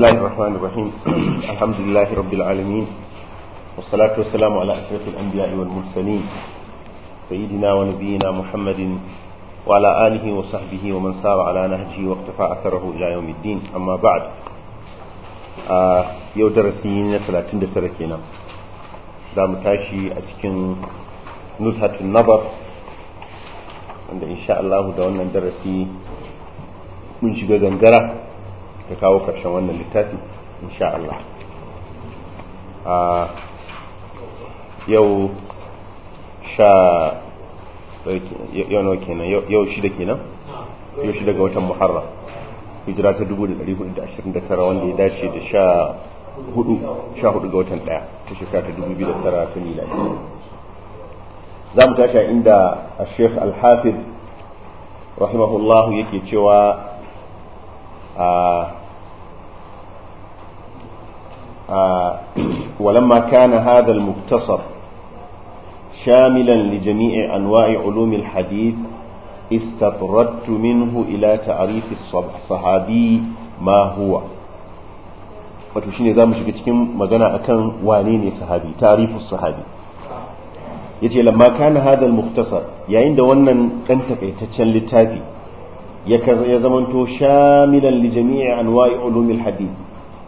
الله الرحمن الرحيم الحمد لله رب العالمين والصلاة والسلام على أشرف الأنبياء والمرسلين سيدنا ونبينا محمد وعلى آله وصحبه ومن سار على نهجه واقتفى أثره إلى يوم الدين أما بعد آه يو درسين ثلاثين دسركينا زام تاشي أتكن نزهة النظر عند إن شاء الله دعونا درسي من شبه ta kawo ƙarshen wannan littafi insha Allah a yau sha yau nawa kenan yau shida kenan yau shida ga watan muharram hijira ta 1429 wanda ya dace da sha hudu sha hudu ga watan daya ta shekara ta 2009 ta miladi za mu tashi inda a sheikh alhafiz rahimahullahu yake cewa a ولما كان هذا المختصر شاملا لجميع أنواع علوم الحديث استطردت منه إلى تعريف الصحابي ما هو wato shine za mu shiga cikin magana akan wane ne sahabi tarifu sahabi yace lamma kana hada al-mukhtasar yayin da wannan dan takaitaccen littafi ya zamanto shamilan li jami'i anwa'i ulumil hadith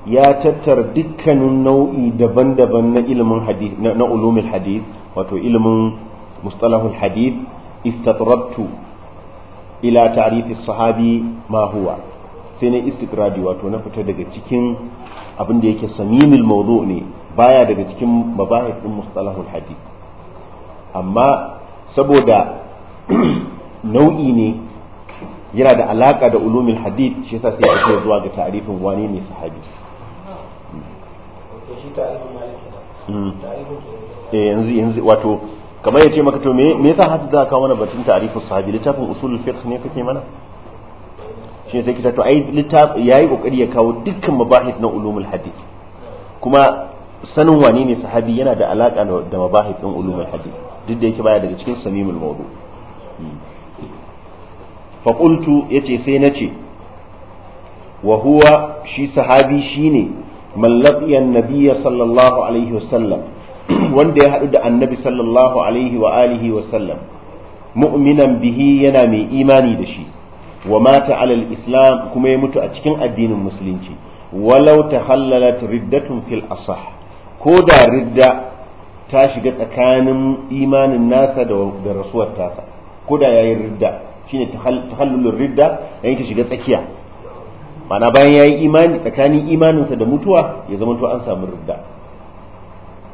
ya tattara dukkanin nau'i daban-daban na ilimin hadith na ulumul hadith wato ilimin mustalahul hadith istatrabtu ila ta'rifis sahabi ma huwa sai na istitradi wato na fita daga cikin abin da yake samimil mawdu ne baya daga cikin mabahith din mustalahul hadith amma saboda nau'i ne yana da alaka da ulumul hadith shi yasa sai ake zuwa ga ta'rifin wani ne sahabi Hmm. Eh, yanzu yanzu wato kamar ya ce maka to me yasa haka za ka mana batun tarihi sahabi littafin usulul fiqh ne kake mana shi sai kita to ai littafi yayi kokari ya kawo dukkan mabahith na ulumul hadith kuma sanin wani ne sahabi yana da alaka da mabahith din ulumul hadith duk da yake baya daga cikin samimul mawdu hmm. fa qultu yace sai nace wa huwa shi sahabi shine mallaqiyan nabiyya sallallahu alaihi wasallam wanda ya haɗu da annabi sallallahu alaihi wa alihi wasallam mu'minan bihi yana mai imani da shi wa mata alal islam kuma ya mutu a cikin addinin musulunci walau tahallalat riddatun fil asah ko da ridda ta shiga tsakanin imanin nasa da rasuwar tasa ko da yayin ridda shine tahallulur ridda yayin ta shiga tsakiya mana bayan ya yi imani tsakanin imaninsa da mutuwa ya zama to an samu ridda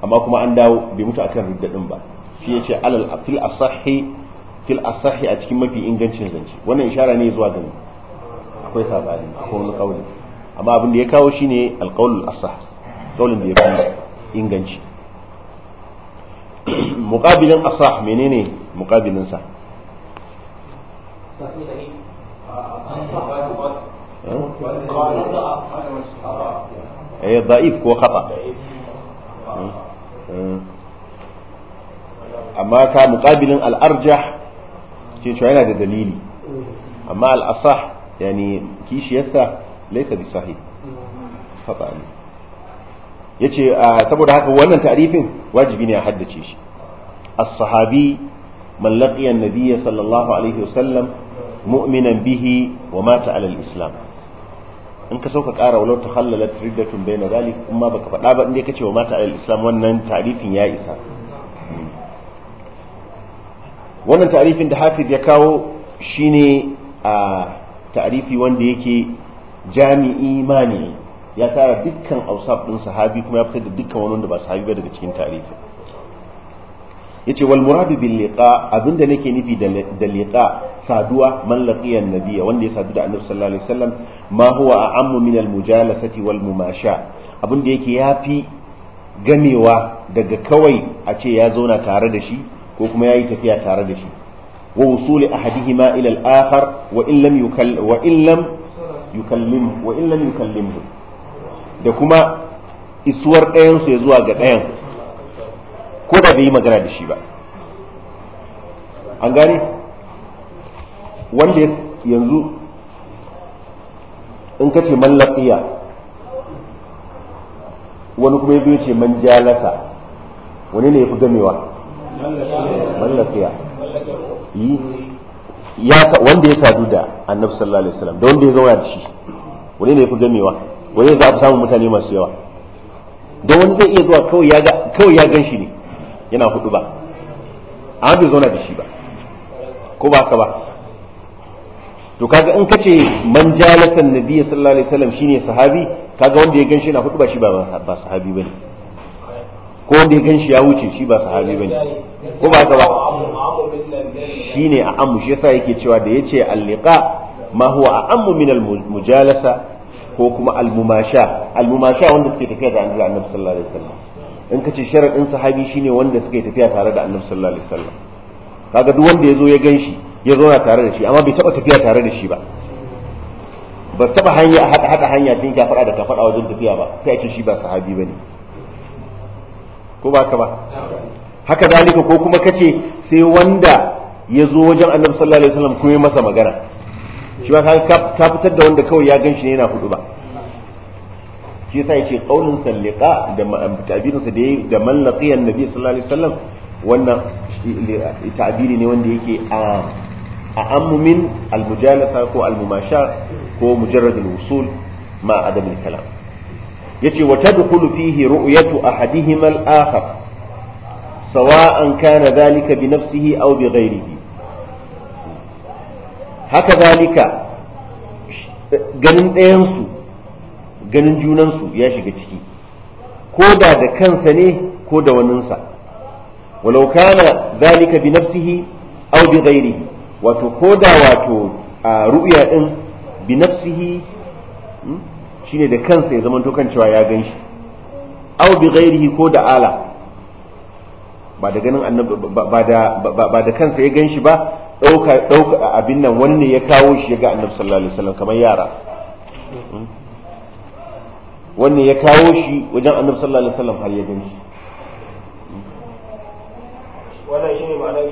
amma kuma an dawo bai mutu akan ridda din ba shi yace alal fil asahi fil asahi a cikin mafi ingancin zance wannan ishara ne zuwa ga akwai sabani akwai wani kauli amma abin da ya kawo shine alqaulul asah kaulin da ya kawo inganci muqabilin asah menene muqabilin sa sahih ah, اي ضعيف هو خطا amma ka muƙabilin al'arjah ce cewa yana da dalili amma al'asah yani kishiyarsa laisa bi sahi fata ne ya ah, saboda haka wannan ta'rifin wajibi ne a haddace shi as-sahabi man laqiya an-nabiyya sallallahu alaihi wasallam mu'minan bihi wa mata alal islam in ka so ka kara walau ta hallala riddatun bai na zali ma baka faɗa ba inda ka ce wa mata alal islam wannan tarifin ya isa wannan tarifin da hafiz ya kawo shine a tarifi wanda yake jami'i mani ya tara dukkan ausaf ɗin sahabi kuma ya fitar da dukkan wani wanda ba sahabi ba daga cikin tarifi yace wal muradu bil liqa abinda nake nufi da liqa saduwa man laqiyan nabiyya wanda ya sadu da annabi sallallahu alaihi wasallam ma huwa a'ammu min al-mujalasati wal mumasha abin da yake yafi gamewa daga kawai a ce ya zauna tare da shi ko kuma yayi tafiya tare da shi wa wusuli ahadihima ila al-akhar wa in lam wa in lam yukallim wa in lam da kuma isuwar ɗayan su ya zuwa ga ɗayan ko da bai yi magana da shi ba an gane wanda yanzu in ka ce man laƙiya wani kuma yazo ce man jalasa wani ne ya fi gamewa man laƙiya wanda ya sadu da annabi sallallahu alaihi wasallam da wanda ya zauna da shi wani ne ya fi gamewa wani za a fi samun mutane masu yawa da wani zai iya zuwa kawai ya gan shi ne yana hudu ba amma bai zauna da shi ba ko ba ka ba to kaga in kace man jalasan nabiyyi sallallahu alaihi wasallam shine sahabi kaga wanda ya ganshi na hudu ba shi ba ba sahabi bane ko wanda ya ganshi ya wuce shi ba sahabi bane ko ba ka ba shine a amu shi yasa yake cewa da yace al-liqa ma huwa a'ammu min al-mujalasa ko kuma al-mumasha al-mumasha wanda suke tafiya da annabi sallallahu alaihi wasallam in kace sharadin sahabi shine wanda suke tafiya tare da annabi sallallahu alaihi wasallam kaga duk wanda yazo ya ganshi ya zauna tare da shi amma bai taba tafiya tare da shi ba ba su taba hanya hada hada hanya tun faɗa da kafara wajen tafiya ba sai ce shi ba sahabi bane ko ba ka ba haka zalika ko kuma kace sai wanda ya zo wajen annabi sallallahu alaihi wasallam kuma ya masa magana shi ba ka fitar da wanda kawai ya ganshi ne yana hudu ba shi sai ce qaulun salliqa da ta'birin sa da da man laqiya annabi sallallahu alaihi wasallam wannan eh, ta'biri ne wanda yake a ahammu min almujalasa ko almumasha ko mujarradul wusul ma adamul kalam yace wa tadkhulu fihi ru'yatu ahadihima al Sawa sawa'an kana dhalika bi nafsihi aw bi ghayrihi haka zalika ganin junansu ya shiga ciki ko da da kansa ne ko da waninsa walau kana zalika bi nafsihi aw bi ghairihi wato ko da wato a ru'ya din bi nafsihi hmm, shine da kansa ya zamanto kan cewa ya gan shi aw bi ghairihi ko da ala ba da ganin annabi ba da ba da kansa ya gan shi ba dauka dauka abin nan wanne ya kawo shi ya ga annabi sallallahu alaihi wasallam kamar yara hmm. wanne ya kawo shi wajen annabi sallallahu alaihi wasallam har ya gan shi wannan shine ma'anar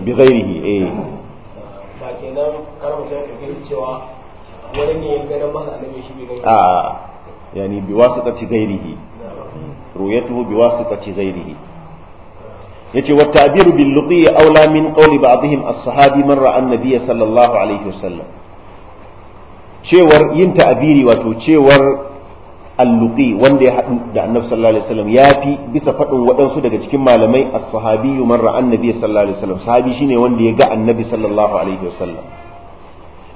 bi ghairihi eh ba kenan kar mutum ya gani cewa wani ne ya gani masa annabi shi bai gani a yani bi wasitati ghairihi ru'yatuhu bi wasitati ghairihi yace wa ta'biru bil luqi aula min qawli ba'dihim as-sahabi man ra'a an-nabiy sallallahu alaihi wasallam cewar yin ta'biri wato cewar alluqi wanda ya haɗu da annabi sallallahu alaihi wasallam ya fi bisa faɗin waɗansu daga cikin malamai as-sahabiyyu man ra'a annabi sallallahu alaihi wasallam sahabi shine wanda ya ga annabi sallallahu alaihi wasallam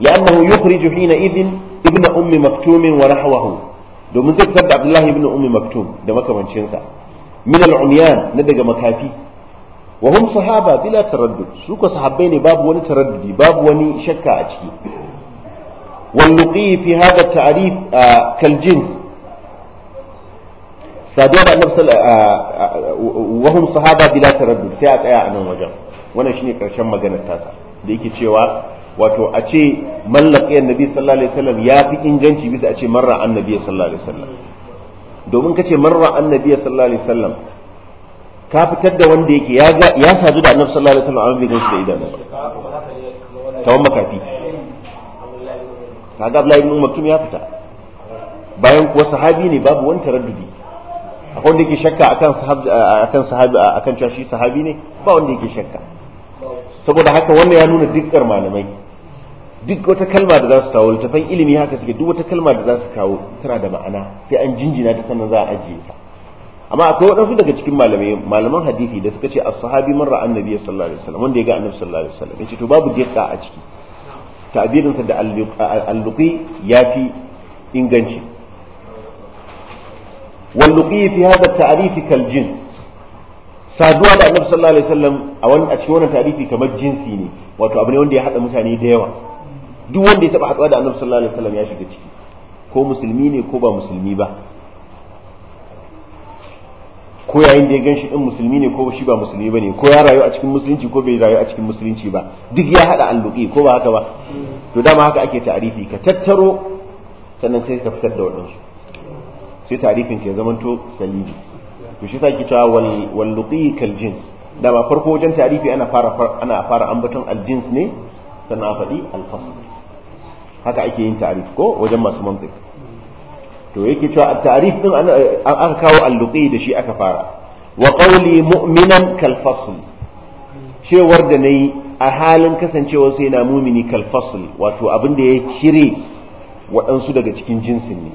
لأنه يخرج حينئذ ابن أم مكتوم ونحوه domin zai fitar da Abdullahi ibnu Ummi Maktum da makamancinsa min al-umyan na daga makafi wa hum sahaba bila taraddud su ko sahabbai ne babu wani taraddudi babu wani shakka a ciki wal luqi fi hadha at-ta'rif ah, kal jins saduwa da annabi wa hum sahaba bila taraddud sai a tsaya a nan wajen wannan shine karshen maganar tasa da yake cewa wato a ce mallaka annabi sallallahu alaihi wasallam ya fi inganci bisa a ce marra annabi sallallahu alaihi wasallam domin kace marra annabi sallallahu alaihi wasallam ka fitar da wanda yake ya ya sadu da annabi sallallahu alaihi wasallam amma da ganshi da idanu ba makafi kaga Abdullahi ibn Maktum ya fita bayan kuwa sahabi ne babu wani taraddudi akwai wanda yake shakka akan sahabi akan cewa shi sahabi ne ba wanda yake shakka saboda haka wannan ya nuna dukkan malamai duk wata kalma da za su kawo littafan ilimi haka suke duk wata kalma da za su kawo tana da ma'ana sai an jinjina ta sannan za a ajiye ta amma akwai waɗansu daga cikin malamai malaman hadisi da suka ce as-sahabi man ra'a annabi sallallahu alaihi wasallam wanda ya ga annabi sallallahu alaihi wasallam yace to babu dikka a ciki ta'abirin sa da al-luqi yafi inganci واللقي في هذا التعريف jins saduwa da annabi sallallahu alaihi wasallam a wani a cikin wannan tarihi kamar jinsi ne wato abu ne wanda ya hada mutane da yawa duk wanda ya taba haduwa da annabi sallallahu alaihi wasallam ya shiga ciki ko musulmi ne ko ba musulmi ba ko yayin da ya ganshi din musulmi ne ko shi ba musulmi bane ko ya rayu a cikin musulunci ko bai rayu a cikin musulunci ba duk ya hada alluqi ko ba haka ba to dama haka ake ta'arifi ka tattaro sannan sai ka fitar da waɗansu sai tarifin ke zamanto saliji to shi sake cewa wal wal kal jins da ba farko wajen tarifi ana fara ana fara ambaton al jins ne sannan a faɗi al fasl haka ake yin tarif ko wajen masu mantiki? to yake cewa a tarif din an aka kawo al luqi da shi aka fara wa qawli mu'minan kal fasl cewar da nayi a halin kasancewa sai na mumini kal fasl wato abin da ya cire waɗansu daga cikin jinsin ne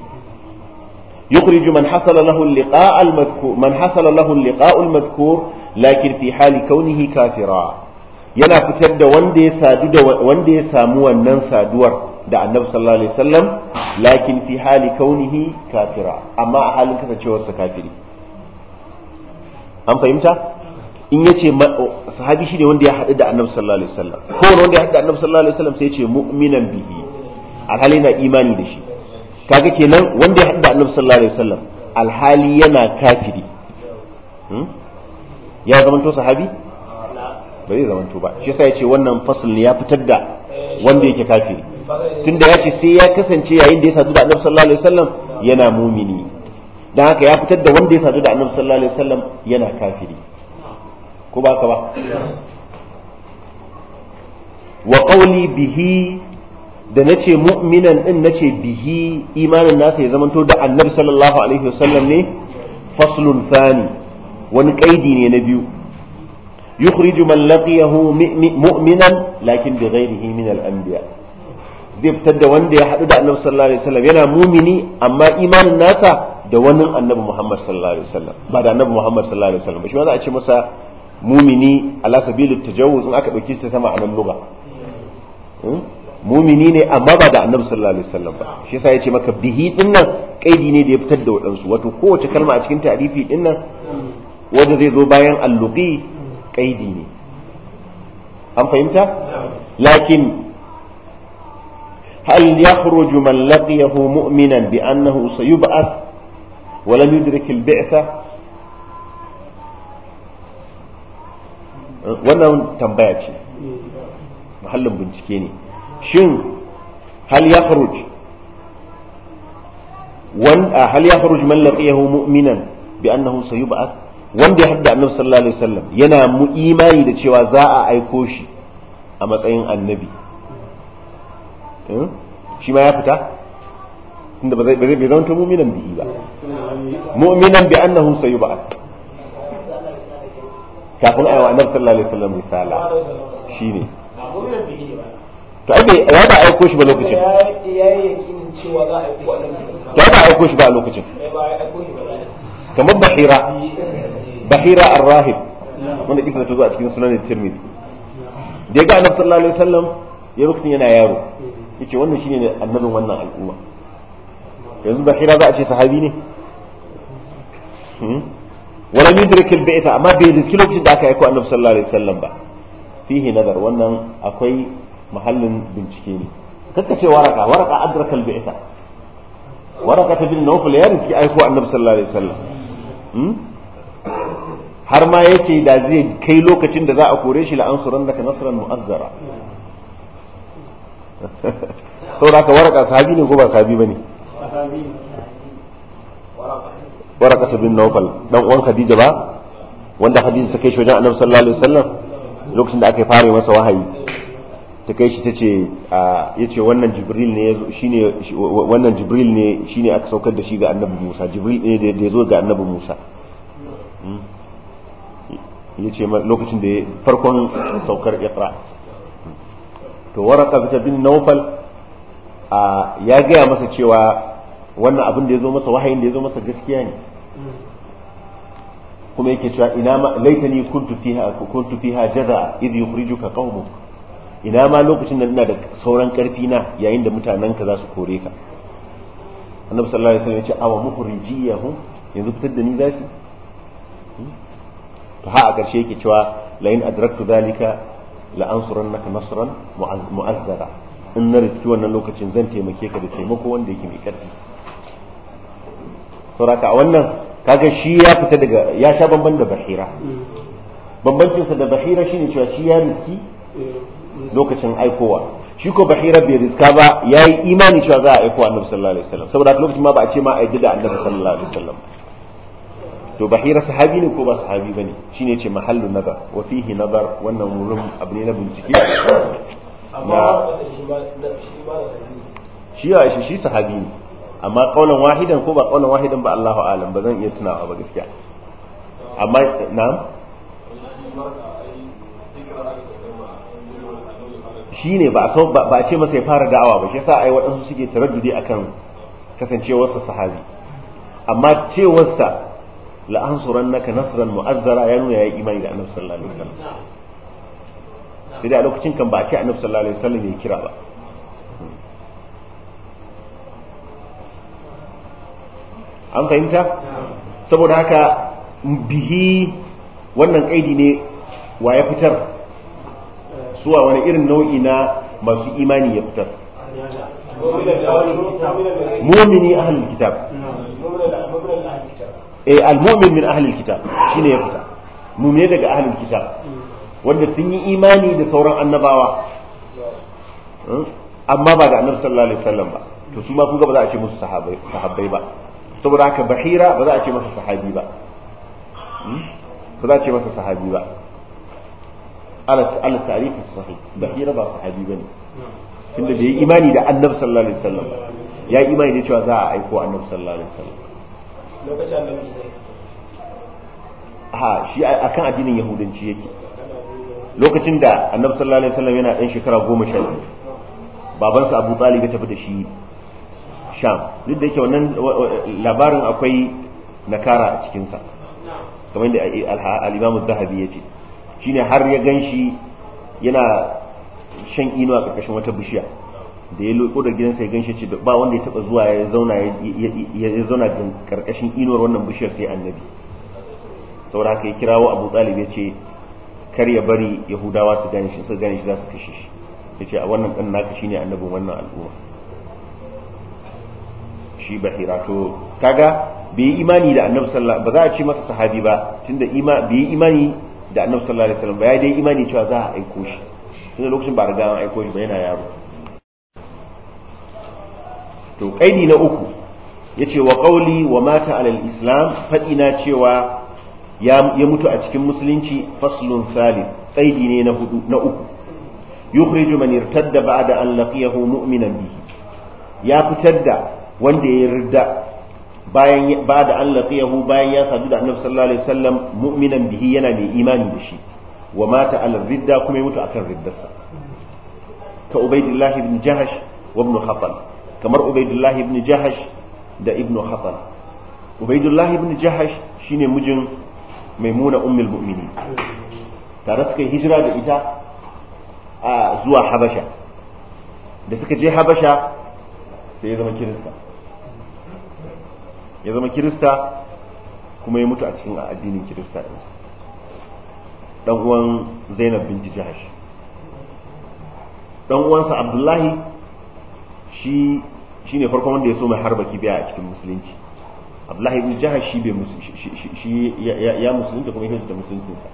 يخرج من حصل له اللقاء المذكور من حصل له اللقاء المذكور لكن في حال كونه كافرا yana fitar da wanda ya sadu da wanda ya samu wannan saduwar da annabi sallallahu alaihi wasallam lakin fi hali kaunihi kafira amma a halin kasancewarsa kafiri an fahimta in yace sahabi shine wanda ya haɗu da annabi sallallahu alaihi wasallam ko wanda ya haɗu da annabi sallallahu alaihi wasallam sai ya ce mu'minan bihi alhali na imani da shi kaga kenan wanda ya haɗu da annabi sallallahu alaihi wasallam alhali yana kafiri hmm? ya zamanto sahabi ba zai zamanto ba shi yasa ya ce wannan fasul ya fitar da wanda yake kafiri tunda ya ce sai ya kasance yayin da ya sadu da annabi sallallahu alaihi wasallam yana mumini dan haka ya fitar da wanda ya sadu da annabi sallallahu alaihi wasallam yana kafiri ko ba ka ba wa qawli bihi da na nace mu'minan din ce bihi imanin nasa ya zamanto da annabi sallallahu alaihi wasallam ne faslun thani wani kaidi ne na biyu yukhriju man laqiyahu mu'minan lakin bi ghairihi min al-anbiya zai fitar da wanda ya hadu da annabi sallallahu alaihi wasallam yana mumini amma imanin nasa da wani annabi muhammad sallallahu alaihi wasallam ba da annabi muhammad sallallahu alaihi wasallam ba shi ma za a ce masa mumini ala sabilit tajawuz in aka dauki ta sama anan lugha hmm? mumini ne amma ba da annabi sallallahu alaihi wasallam ba shi yasa yace maka bihi dinnan kaidi ne da ya fitar da wadansu wato kowace kalma a cikin ta'rifi dinnan wanda zai zo bayan alluqi kaidi ne an fahimta lakin هل يخرج من لقيه مؤمنا بأنه سيبعث ولم يدرك البعثة wannan tambaya ce muhallin bincike ne shin hal yakhruj wan ah, hal yakhruj man laqiyahu mu'minan bi annahu sayub'ath wanda ya hadda annabi sallallahu alaihi wasallam yana mu imani da cewa za a aiko shi a matsayin annabi hmm? shi ma ya fita tunda ba zai bai zama mu'minan bihi ba mu'minan bi annahu sayub'ath kafin a yi wa annabi sallallahu alaihi wasallam risala shine to ake ya ba aiko shi ba lokacin ya ba aiko shi ba a lokacin eh, kamar bahira bahira ar-rahib wanda kisa ta zo a cikin sunan tirmidhi da ya ga annabi sallallahu alaihi wasallam ya lokacin yana yaro yace wannan shine annabin wannan al'umma yanzu bahira za a ce sahabi ne hmm? wala yudrik al-bi'ta amma bai da lokacin da aka aiko annabi sallallahu alaihi wasallam ba fihi nazar wannan akwai mahallin bincike ne kakka ce waraka waraka adraka al-bi'sa waraka ta bin nawfal ya riski aiko annabi sallallahu alaihi wasallam hmm? har ma yace da zai kai lokacin da za a kore shi la'ansuran daga nasran mu'azzara saboda ka waraka sahabi ne ko ba sahabi bane waraka ta bin nawfal dan uwan khadija ba wanda khadija ta kai shi wajen annabi sallallahu alaihi wasallam lokacin da aka fara masa wahayi ta kai shi ta ce ya ce wannan jibril ne shine wannan jibril ne shine aka saukar da shi ga annabi musa jibril ne da ya zo ga annabi musa hmm? ya ce lokacin da ya farkon saukar ikra to waraka fita bin naufal ya gaya masa cewa wannan abin da ya zo masa wahayin da ya zo masa gaskiya ne kuma yake cewa ina ma laitani kuntu fiha kuntu fiha jaza idh yukhrijuka qaumuk ina ma lokacin da ina da sauran karfi na yayin da mutanen ka za su kore ka annabi sallallahu alaihi wasallam ya ce awa yahu. yanzu fitar da ni za su hmm? to ha a ƙarshe yake cewa la in adraktu dalika la ansurannaka nasran mu'azzara in na riski wannan lokacin zan taimake ka da taimako wanda yake mai karfi sauraka a wannan kaga shi ya fita daga ya sha banban da bahira hmm. bambancinsa da bahira shine cewa shi ya riski lokacin aikowa shi ko bahira bai riska ba yayi imani cewa za a aiko annabi sallallahu alaihi wasallam saboda lokacin ma ba a ce ma a yi da annabi sallallahu alaihi wasallam to bahira sahabi ne ko ba sahabi bane shine ce mahallu nazar wa fihi nazar wannan wurin abu ne na bincike amma shi ya shi shi sahabi ne amma kaulan wahidan ko ba kaulan wahidan ba Allahu alam ba zan iya tunawa ba gaskiya amma na'am Shi ne ba a ce masa ya fara da'awa ba shi yasa ai waɗansu suke taraddudi kan kasancewarsa sahabi amma cewarsa na nasran mu'azzara ya nuna ya yi imani da annabi sallallahu alaihi wasallam sai dai a lokacin kan ba a ce annabi sallallahu alaihi wasallam ya kira ba an fahimta saboda haka bihi wannan kaidi ne wa ya fitar suwa wani irin nau'i na masu imani ya fitar mumini ahlul kitab eh almu'min min ahlul kitab shine ya fita mumine daga ahlul kitab wanda sun yi imani da sauran annabawa hmm? amma ba da annabi sallallahu alaihi wasallam ba to su ma kun ga ba za a ce musu sahabbai sahabbai ba saboda haka bahira ba za a ce masa sahabi ba hmm? ba za a ce masa sahabi ba ala tarihi sahih hira ba sahabi bane tunda da ya imani da annab sallallahu alaihi wasallam ya imani da cewa za a aiko annab sallallahu alaihi wasallam ha shi akan addinin yahudanci yake lokacin da annab sallallahu alaihi wasallam yana ɗan shekara goma sha biyu babansa abu talib ya tafi da shi sham duk da yake wannan labarin akwai nakara a cikinsa kamar da al-imam zahabi ya ce shine har ya ganshi yana shan ino a ƙarƙashin wata bishiya da ya loko da gidansa ya ganshi ce ba wanda ya taba zuwa ya zauna a ƙarƙashin inuwar wannan bishiyar sai annabi saboda haka ya kirawo abu talib ya ce kar ya bari yahudawa su gane shi su gane shi za su kashe shi ya ce a wannan ɗan naka ne annabin wannan al'umma shi bahira to kaga bai yi imani da annabi sallallahu ba za a ce masa sahabi ba tunda bai yi imani da annabi sallallahu alaihi wasallam ba ya dai imani cewa za a aiko shi tunda lokacin ba riga an aiko shi ba yana yaro to kaidi na uku yace wa qawli wa mata alal islam fadi na cewa ya mutu a cikin musulunci faslun thalith kaidi ne na hudu na uku yukhriju man irtadda ba'da an laqiyahu mu'minan bihi ya fitar da wanda ya yarda bayan ba da an laqiyahu bayan ya sadu da annabi sallallahu alaihi wasallam mu'minan bihi yana mai imani da shi wa mata al ridda kuma ya mutu akan riddarsa ka ubaidillah ibn jahash wa ibn khatal kamar ubaidillah ibn jahash da ibn khatal ubaidillah ibn jahash shine mijin maimuna ummul mu'minin tare suka yi hijira da ita a zuwa habasha da suka je habasha sai ya zama kirista ya zama kirista kuma ya mutu a cikin addinin kirista ɗinsa dan uwan zainab bin jahash dan uwansa abdullahi shi ne farkon wanda ya so mai harba kibiya a cikin musulunci abdullahi bin jahash shi bai shi ya musulunta kuma ya da musuluncinsa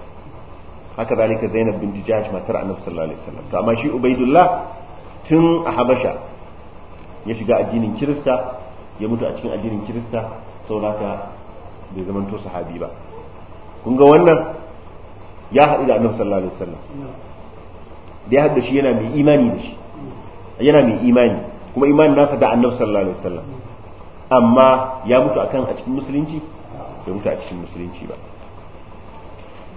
haka zalika zainab bin jahash matar annabi sallallahu alaihi wasallam to amma shi ubaidullah tun a habasha ya shiga addinin kirista ya mutu a cikin addinin kirista sauraka bai zamanto sahabi ba kun ga wannan ya haɗu da annabi sallallahu alaihi wasallam da ya haɗu da shi yana mai imani da shi yana mai imani kuma imanin nasa da annabi sallallahu alaihi wasallam amma ya mutu akan a cikin musulunci bai mutu a cikin musulunci ba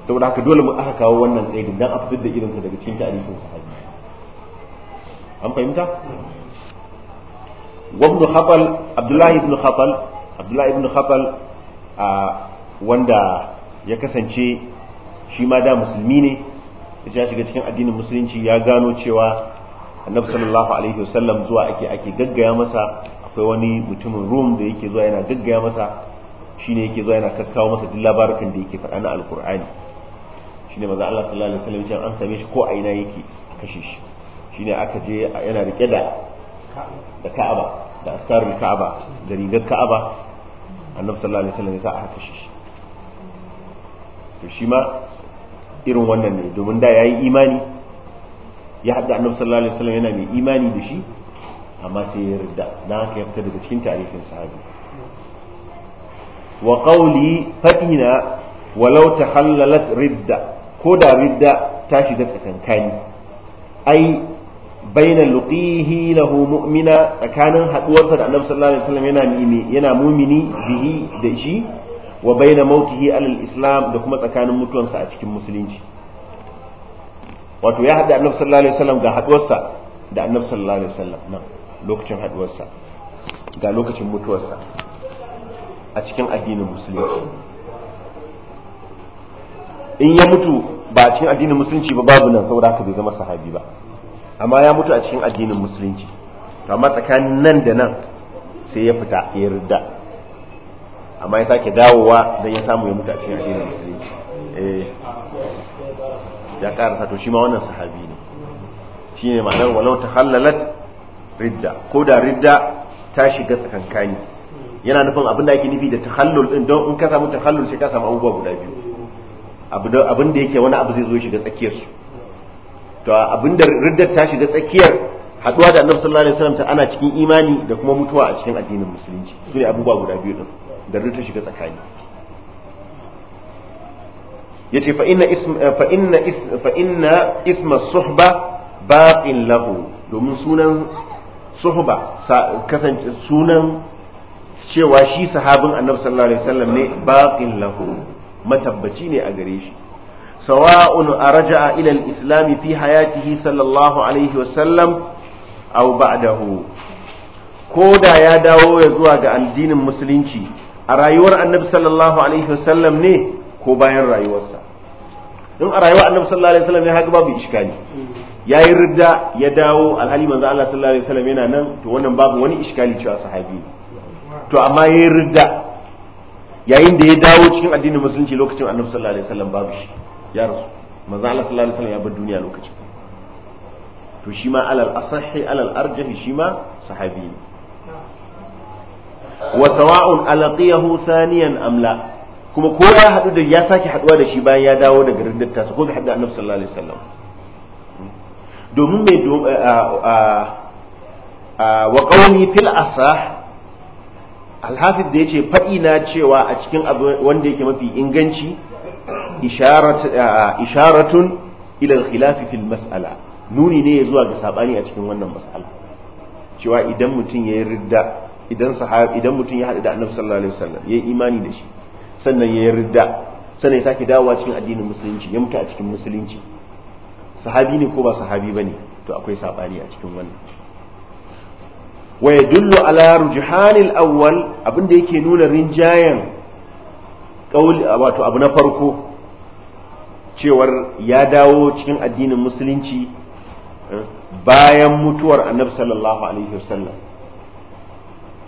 saboda haka dole mu aka kawo wannan tsaidin dan a fitar da irinsa daga cikin tarihin sahabi an fahimta wabnu khatal abdullahi ibn khatal abdullahi ibn khatal wanda ya kasance shi ma da musulmi ne ya shiga cikin addinin musulunci ya gano cewa annabi sallallahu alaihi wasallam zuwa ake ake gaggaya masa akwai wani mutumin rum da yake zuwa yana gaggaya masa shine yake zuwa yana kakkawo masa duk labarukan da yake faɗa na alqur'ani shine manzo Allah sallallahu alaihi wasallam ya an same shi ko a ina yake kashe shi shine aka je yana rike da da ka'aba da astarul ka'aba da rigar ka'aba annabi sallallahu alaihi wasallam ya sa aka shi to shi ma irin wannan ne domin da yayi imani ya hadda annabi sallallahu alaihi wasallam yana mai imani da shi amma sai ya rida na haka ya fita daga cikin tarihin sahabi wa qawli fadina walau tahallalat ridda ko da ridda ta shiga tsakankani ai baina luqihi lahu mu'mina tsakanin haduwarsa da annabi sallallahu alaihi wasallam yana mu'mini yana mu'mini bihi da shi wa baina mautihi alal islam da kuma tsakanin mutuwansa a cikin musulunci wato ya hada annabi sallallahu alaihi wasallam ga haduwarsa da annabi sallallahu alaihi wasallam nan lokacin haduwarsa ga lokacin mutuwarsa a cikin addinin musulunci in ya mutu ba a cikin addinin musulunci ba babu nan saboda haka bai zama sahabi ba amma ya mutu a cikin addinin musulunci to amma tsakanin nan da nan sai ya fita ya rida amma ya sake dawowa don ya samu ya mutu a cikin addinin musulunci eh, ya kara sato shi ma wannan sahabi ne shi ne ma'anar walau ta hallalat ridda ko da ridda ta shiga tsakankani yana nufin abin da ake nufi da tahallul din don in ka samu tahallul sai ka samu abubuwa guda biyu abin da yake wani abu zai zo shiga tsakiyar su to abinda riddar ta shiga tsakiyar haduwa da annabi sallallahu alaihi wasallam ta ana cikin imani da kuma mutuwa a cikin addinin musulunci su ne abubuwa guda biyu din da riddar ta shiga tsakani yace fa inna ism fa inna is fa inna isma suhba baqin lahu domin sunan suhba kasance sunan cewa shi sahabin annabi sallallahu alaihi wasallam ne baqin lahu matabbaci ne a gare shi sawa'un araja'a ila al-islam fi hayatihi sallallahu alaihi wa sallam aw ba'dahu ko da ya dawo ya zuwa ga addinin musulunci a rayuwar annabi sallallahu alaihi wa sallam ne ko bayan rayuwarsa in a rayuwar annabi sallallahu alaihi wa sallam ne haka babu iskali ya yi ridda ya dawo alhali manzo Allah sallallahu alaihi wasallam yana nan to wannan babu wani iskali cewa sahabi to amma ya yi ridda yayin da ya dawo cikin addinin musulunci lokacin annabi sallallahu alaihi wasallam babu shi ya rasu manzo Allah sallallahu alaihi wasallam ya bar duniya lokacin to shi ma alal asahi alal arjahi shi ma sahabi ne wa sawa'un alaqiyahu thaniyan am la kuma ko ya hadu da ya sake haduwa da shi bayan ya dawo daga rindar tasa ko bai hadda annabi sallallahu alaihi wasallam domin mai wa qawmi fil asah alhafiz da yace fadi na cewa a cikin abu wanda yake mafi inganci Uh, isharatun ilal khilafi fil mas'ala nuni ne zuwa ga sabani a cikin wannan mas'ala cewa idan mutum ya yi ridda idan sahabi idan mutum ya hadu da annabi sallallahu alaihi wasallam ya yi imani da shi sannan ya yi ridda sannan ya sake dawowa cikin addinin musulunci ya mutu a cikin musulunci sahabi ne ko ba sahabi ba ne to akwai sabani a cikin wannan wa yadullu ala rujhanil awwal abinda yake nuna rinjayen kauli wato abu na farko cewar ya dawo cikin addinin musulunci eh, bayan mutuwar annabi sallallahu alaihi wasallam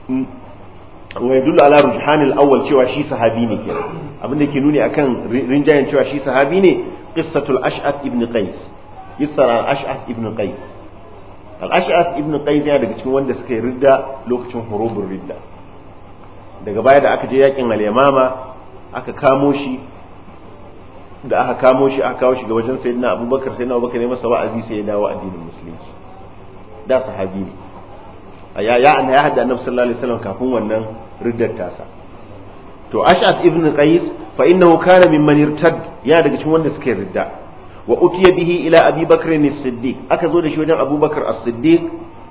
hmm. wa yadullu ala rujhan al-awwal cewa shi sahabi ne kenan abin da ke nuni akan rinjayen cewa shi sahabi ne qissatul ash'ath ibn qais qissar ashath ibn qais al-ash'ath ibn qais yana daga cikin wanda suka yi ridda lokacin hurubun ridda daga baya da aka je yakin al-yamama aka kamo shi da aka kamo shi aka kawo shi ga wajen sayyidina abubakar sayyidina abubakar ne masa wa'azi sai ya dawo addinin musulunci da sahabi ne ya ya anna ya hadda annabi sallallahu alaihi wasallam kafin wannan riddar tasa to ash'ab ibn qais fa innahu kana mimman irtad ya daga cikin wanda suke ridda wa utiya bihi ila abi bakr as-siddiq aka zo da shi wajen abubakar as-siddiq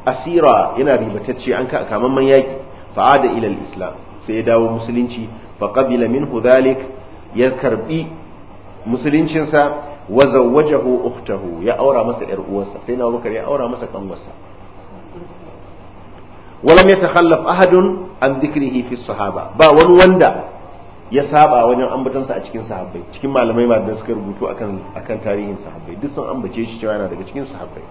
asira yana ribatacce an ka man yaki fa'ada ila al-islam sai ya dawo musulunci فقبل منه ذلك يكربي مسلمين سا وزوجه أخته يا أورا مسا إرؤوسا سيدنا أبو بكر يا أورا مسا قنوسا ولم يتخلف أحد عن ذكره في الصحابة با ون وندا ya saba wajen ambatansa a cikin sahabbai cikin malamai ma da suka rubutu akan akan tarihin sahabbai duk sun ambace yana daga cikin sahabbai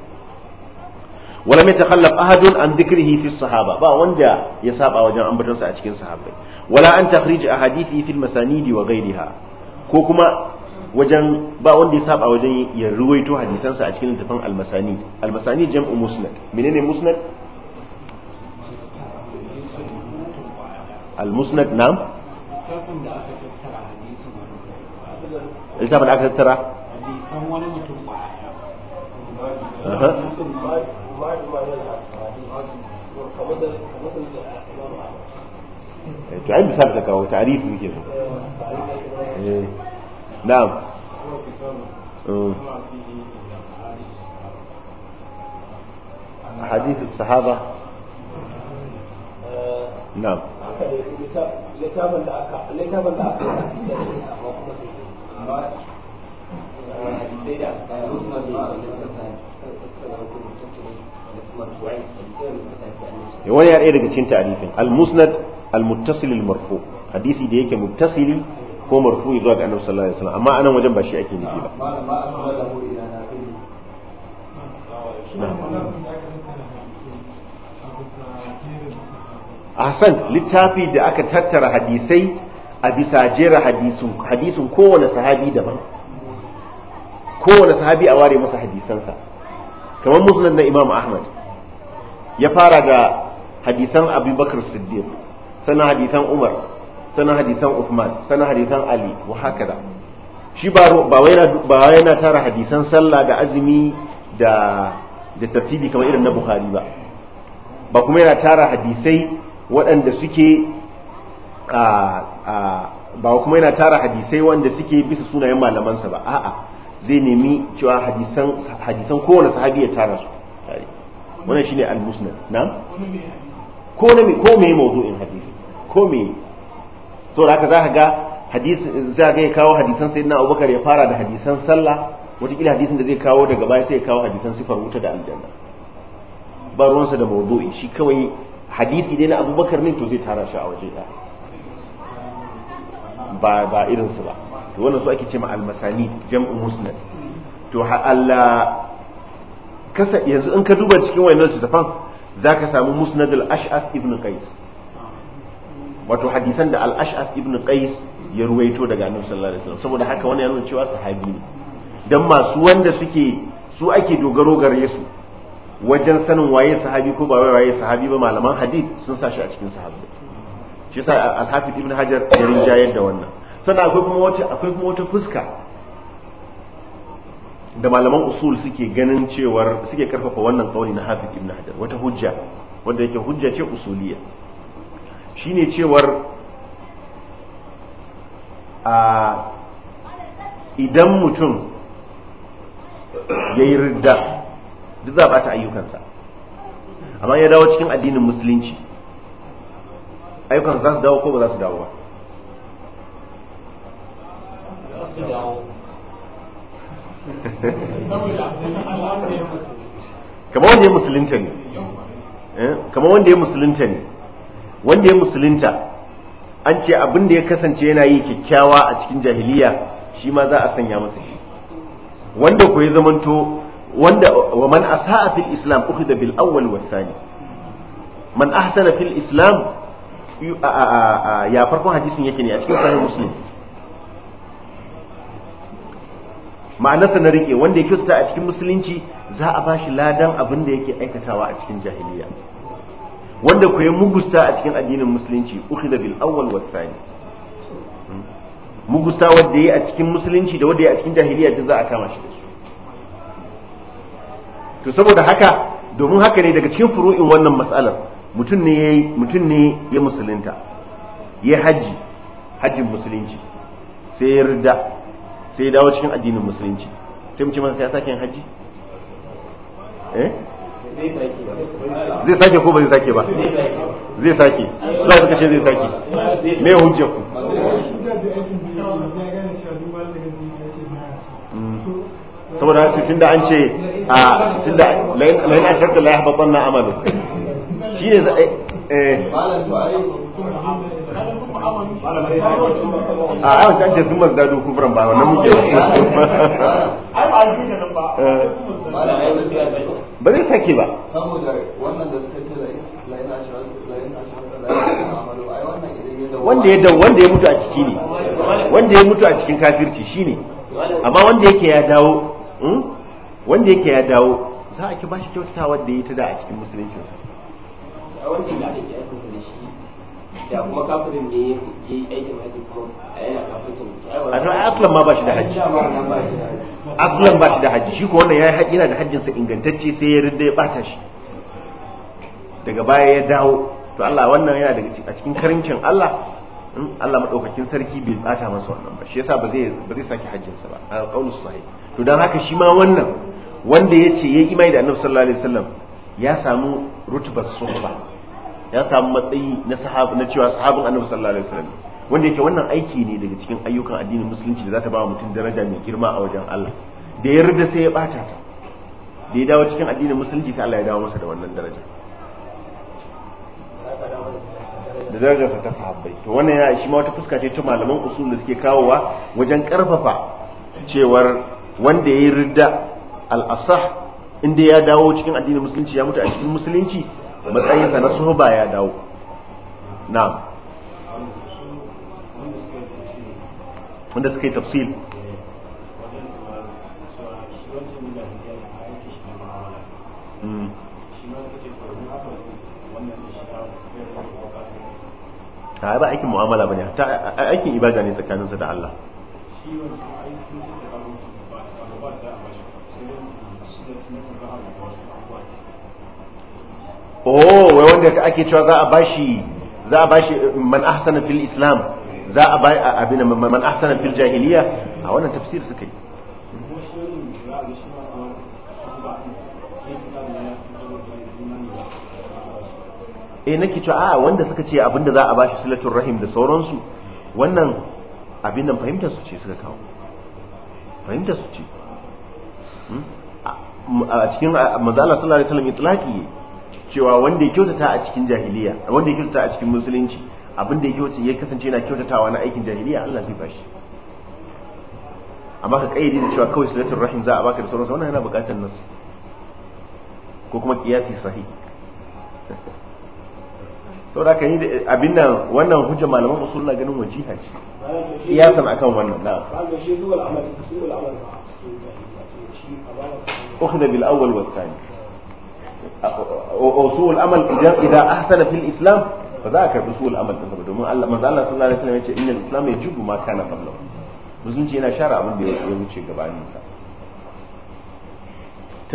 wala mai takhallaf ahadun an dhikrihi fi sahaba ba wanda ya saba wajen ambatansa a cikin sahabbai wala an takhrij ahadithi fil masanidi wa ghayriha ko kuma wajen ba wanda ya saba wajen ya ruwaito hadisansa a cikin littafin almasani almasani jam'u musnad menene musnad almusnad nam littafin da aka tattara wani mutum ba إيه، تعد سبتك او تعريفه كذا أيوة، إيه. نعم أمم. حديث الصحابة نعم لكتاب يا لكتاب إيه المسند المسند المسند المسند al marfu hadisi da yake muttasili ko marfu zuwa ga annabi sallallahu alaihi wasallam amma anan wajen ba shi ake nufi ba ahsan littafi da aka tattara hadisai a bisa jera hadisun kowane sahabi daban kowane sahabi a ware masa hadisansa kamar musnad na imam ahmad ya fara da hadisan abubakar siddiq sannan hadisan umar sannan hadisan uthman sannan hadisan ali wa hakada shi ba wai ba yana tara hadisan sallah da azumi da da tartibi kamar irin na bukhari ba ba kuma yana tara hadisai waɗanda suke ba kuma yana tara hadisai wanda suke bisa sunayen malamansa ba a'a zai nemi cewa hadisan hadisan kowane sahabi ya tara su wannan shine al-musnad na ko ne ko me mawdu'in hadisi ko me to da haka za ka ga hadisi za ga ya kawo hadisan sayyidina Abubakar ya fara da hadisan sallah wataƙila hadisin da zai kawo daga baya sai ya kawo hadisan sifar wuta da aljanna ba ruwansa da mawdu'i shi kawai hadisi dai na Abubakar ne to zai tara shi a waje da ba ba irin su ba to wannan su ake cewa al-masani jam'u musnad to ha Allah kasa yanzu in ka duba cikin wayannan tafan zaka samu musnadul ashaf ibn qais wato hadisan da al-ash'af ibn qais ya ruwaito daga annabi sallallahu alaihi wasallam saboda haka wani ya nuna cewa sahabi ne dan masu wanda suke su ake dogaro gare su wajen sanin waye sahabi ko ba waye sahabi ba malaman hadith sun sa shi a cikin sahabi shi yasa al-hafiz ibn hajar ya rinjayar da wannan sannan akwai kuma wata akwai kuma wata fuska da malaman usul suke ganin cewar suke karfafa wannan kauli na hafiz ibn hajar wata hujja wanda yake hujja ce usuliya shine cewar a idan mutum ya yi ridda duk za a ayyukansa amma ya dawo cikin addinin musulunci ayyukansa za su dawo ko ba za su dawo ba kamar wanda ya musulunta ne eh, wanda ya musulunta ne wanda ya musulunta an ce abin da ya kasance yana yi kyakkyawa a cikin jahiliya shi ma za a sanya masa shi wanda ku ya zamanto wanda wa man asa'a fil islam ukhida bil awwal wa thani man ahsana fil islam ya farkon hadisin yake ne a cikin sahih muslim ma'anarsa na rike wanda ya kyauta a cikin musulunci za a bashi ladan abin da yake aikatawa a cikin jahiliya wanda ku yi mugusta a cikin addinin musulunci uku da awwal wasani thani hmm? mugusta wanda yi a cikin musulunci da wanda yi a cikin jahiliya duk za a kama shi da su to saboda haka domin haka ne daga cikin furu'in wannan matsalar mutum ne mutum ne ya musulunta ya haji hajjin musulunci sai ya rida sai ya dawo cikin addinin musulunci sai mu ce masa sai ya sake yin haji eh zai sake ko ba zai sake ba zai sake za su kashe zai sake me hujjar ku saboda tunda an ce a tunda lain a shirka la yahba banna amalu shi ne za eh, eh. A a ai wancan ce sun mazdadu kufran ba wannan muke ba ba zai sake ba saboda wannan da suka ce layin ashar layin ashar wanda ya wanda ya mutu a ciki ne wanda ya mutu a cikin kafirci shine amma wanda yake ya dawo hmm? wanda yake ya dawo za a ki bashi kyautatawa da ya ta da a cikin musuluncinsa da kuma kafirin ne yi aikin haji kuma yana kafircin a aslan ma ba shi da haji aslan ba shi da haji shi ko wannan yana da hajjinsa ingantacce sai ya rinda ya bata shi daga baya ya dawo to Allah wannan yana daga cikin karincin Allah hmm, Allah madaukakin sarki bai bata masa wannan ba shi yasa ba zai ba zai saki hajjinsa ba a qaulus sahih to dan haka shi ma wannan wanda yace yayi imani da Annabi sallallahu alaihi wasallam ya samu rutbar suhba ya samu matsayi na sahab na cewa sahabin annabi sallallahu alaihi wasallam wanda yake wannan aiki ne daga cikin ayyukan addinin musulunci da zata ba mutum daraja mai girma a wajen Allah da ya yarda sai ya bata ta da ya dawo cikin addinin musulunci sai Allah ya dawo masa da wannan daraja da darajar ta sahabbai to wannan ya shi ma wata fuska ce ta malaman usul da suke kawowa wajen karfafa cewar wanda ya yarda al-asah inda ya dawo cikin addinin musulunci ya mutu a cikin musulunci matsayinsa na suhuba ya dawo na wanda suka yi tafsil hmm. a ba aikin mu'amala ba ne aikin ibada ne tsakaninsa da Allah oh wai wanda ake cewa za a bashi za a bashi man ahsana fil islam za a bai abin man ahsana fil jahiliya a wannan tafsir suka yi eh nake cewa a wanda suka ce abinda za a bashi silatul rahim da sauransu wannan abin nan fahimtar su ce suka kawo fahimtar su ce hmm? a cikin manzo Allah sallallahu alaihi wasallam itlaqi cewa wanda ya kyautata a cikin jahiliya wanda ya kyautata a cikin musulunci abin da ya kyautata ya kasance yana kyautatawa na aikin jahiliya Allah zai bashi amma ka kayyade da cewa kawai silatul rahim za a baka da sauransu wannan yana bukatar nasu ko kuma kiyasi sahi. saboda kan yi da abin nan wannan hujja malaman usul na ganin wajiha ce kiyasan akan wannan na ukhda bil awwal wa thani su'ul amal idan idan ahsana fil islam ba za a karbi su'ul amal din ba domin Allah manzo Allah sallallahu alaihi ya ce islam ma musulunci yana share abin da ya wuce gabanin sa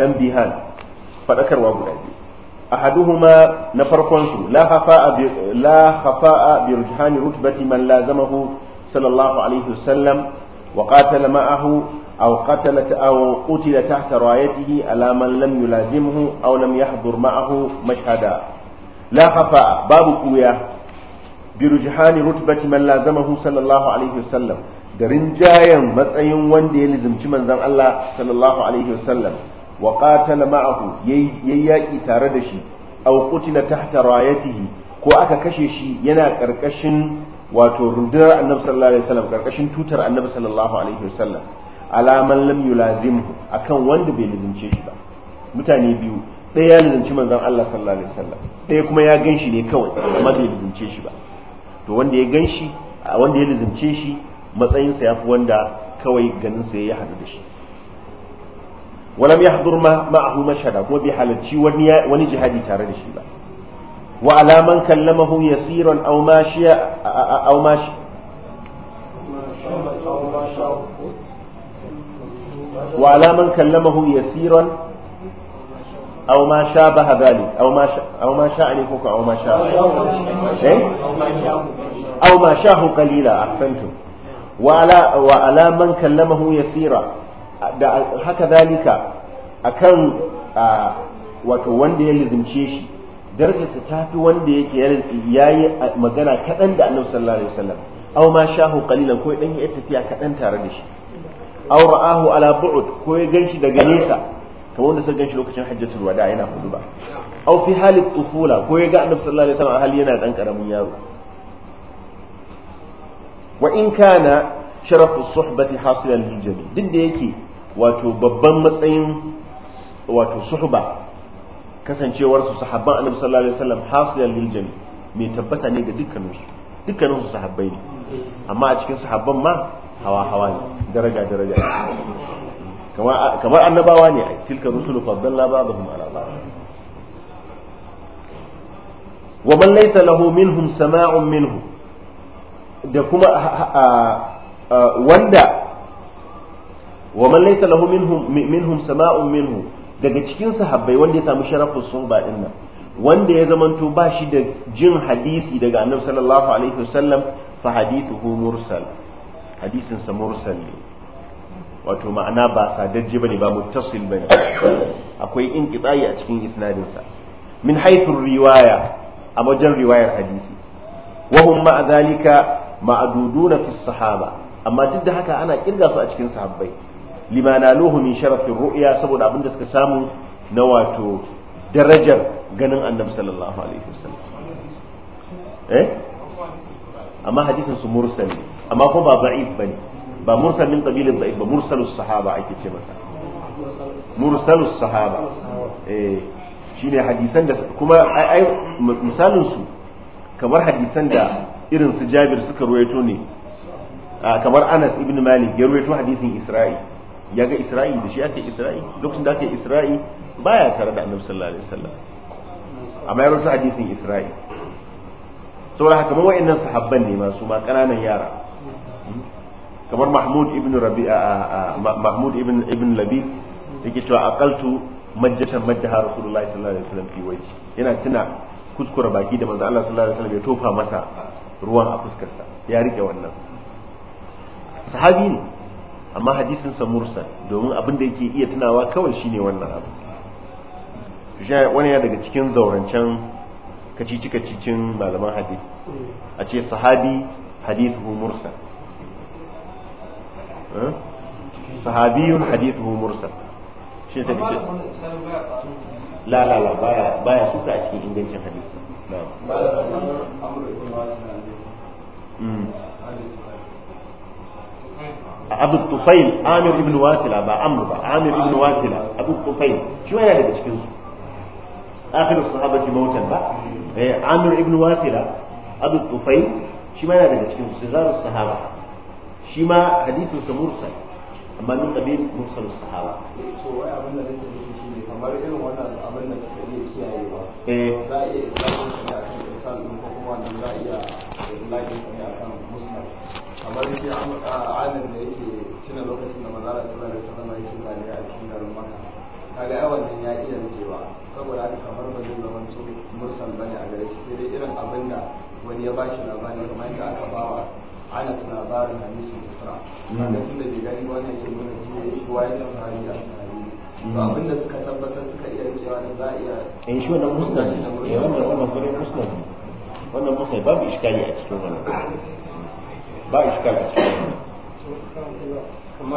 tanbihan fadakarwa guda biyu ma na farkon su la a bi la hafa'a bi rujhani rutbati man lazamahu sallallahu alaihi wasallam wa qatala ma'ahu أو قتل أو قتل تحت رايته على من لم يلازمه أو لم يحضر معه مشهدا لا خفاء باب قوية برجحان رتبة من لازمه صلى الله عليه وسلم da rinjayen matsayin wanda ya lizimci manzan Allah sallallahu alaihi wasallam wa qatala ma'ahu yayi yaƙi tare da shi aw qutila ko aka kashe shi yana karkashin wato rundunar annabi sallallahu alaihi wasallam karkashin tutar annabi sallallahu alaihi wasallam alaman lam yulazim akan wanda bai lazimce shi ba mutane biyu ɗaya ya lazimci manzon Allah sallallahu alaihi wasallam ɗaya kuma ya ganshi ne kawai amma bai lazimce shi ba to wanda ya ganshi wanda ya lazimce shi matsayin sa yafi wanda kawai ganinsa ya hadu da shi walam yahdur ma ma'ahu mashhada kuma bai halarci wani jihadi tare da shi ba wa alaman kallamahu yasiran aw mashiya aw wa alaman kallamahu eh? hu qalila ahsantum yasira da haka zalika akan wato wanda ya lizimce shi darajarsa ta fi wanda yake ya yi magana kaɗan da annabi sallallahu alaihi wasallam aw ma shahu qalilan ko tafiya kaɗan tare da shi aw ra'ahu ala bu'd ko ya ganshi daga nesa to wanda sai ganshi lokacin hajjatul wada yana ba aw fi halit tufula ko ya ga annabi sallallahu alaihi wasallam a hali yana dan karamin yaro wa in kana sharafu suhbati hasilan lil jami duk da yake wato babban matsayin wato suhba kasancewar su sahabban annabi sallallahu alaihi wasallam hasilan lil jami mai tabbata ne ga dukkaninsu dukkaninsu sahabbai ne amma a cikin sahabban ma hawa hawa ne daraja daraja kamar annabawa ne tilka rusulu faddalla ba'dhum ala ba'd wa man laysa lahu minhum sama'un minhu da kuma wanda wa man laysa lahu minhum minhum sama'un minhu daga cikin sahabbai wanda ya samu sharafin sun ba nan wanda ya zamanto ba shi da jin hadisi daga annabi sallallahu alaihi wasallam fa hadithuhu mursal hadisin sa mursal ne wato ma'ana ba sadajje bane ba muttasil bane akwai inqita'i a cikin isnadinsa. sa min riwaya a wajen riwayar hadisi wa hum ma'a zalika na fi sahaba amma duk da haka ana kirga su a cikin sahabbai limana naluhu min sharafin ru'ya saboda abin da suka samu na wato darajar ganin annabi sallallahu alaihi wasallam eh amma hadisin su mursal ne amma ko ba ba ne. ba mursal min qabilin da'if ba mursalus sahaba ake ce masa mursalus sahaba eh shine hadisan da kuma ai misalin su kamar hadisan da irin su Jabir suka ruwaito ne ah, kamar Anas ibn Malik ya ruwaito hadisin Isra'i ya ga Isra'i da shi ake Isra'i lokacin da ake Isra'i baya tare da Annabi sallallahu alaihi wasallam amma ya ruwaito hadisin Isra'i saboda haka wa'annan sahabban ne masu ma kananan yara kamar mahmud ibn a mahmud ibn ibn labib yake cewa aqaltu majjatan majjaha rasulullahi sallallahu alaihi wasallam fi waji yana tuna kuskura baki da manzo Allah sallallahu alaihi wasallam ya tofa masa ruwan a fuskarsa ya rike wannan sahabi ne amma hadisin sa mursal domin abin da yake iya tunawa kawai shine wannan abu wani ya daga cikin zaurancen kacici kacicin malaman hadisi a ce sahabi hadithu mursal sahabiyun hadithu mursal shi sai ce la la la baya baya suka a cikin ingancin hadisi hmm. abu tufail amir ibn wasila ba amr ba amir ibn wasila abu tufail shi yana daga cikin su akhir sahabati mautan ba eh amir ibn wasila abu tufail shi ma yana daga cikin su zarar sahaba shi ma hadisinsa mursal amma min qabil mursal sahaba so eh, wai abin da nake nufi shine kamar irin wannan abin da suka iya kiyayewa eh za a iya islamin sa ne akan irsal din ko kuma wannan za a iya islamin sa ne akan musnad kamar shi alin da yake cina lokacin da manzara sallallahu alaihi wasallam yake zane a cikin garin maka kaga yawan nan ya iya rikewa saboda haka kamar ba zai zama mursal bane a gare shi sai dai irin abin da wani ya bashi labari kamar yadda aka bawa ana labarin hadisin isra wanda tun da bigari wani yake nuna cewa ruwa ya sahabi da sahabi to abin da suka tabbatar suka iya rikewa da za a iya eh shi wannan musnad eh wannan wannan gure musnad wannan musnad babu iskali a cikin wannan ba iskali a cikin wannan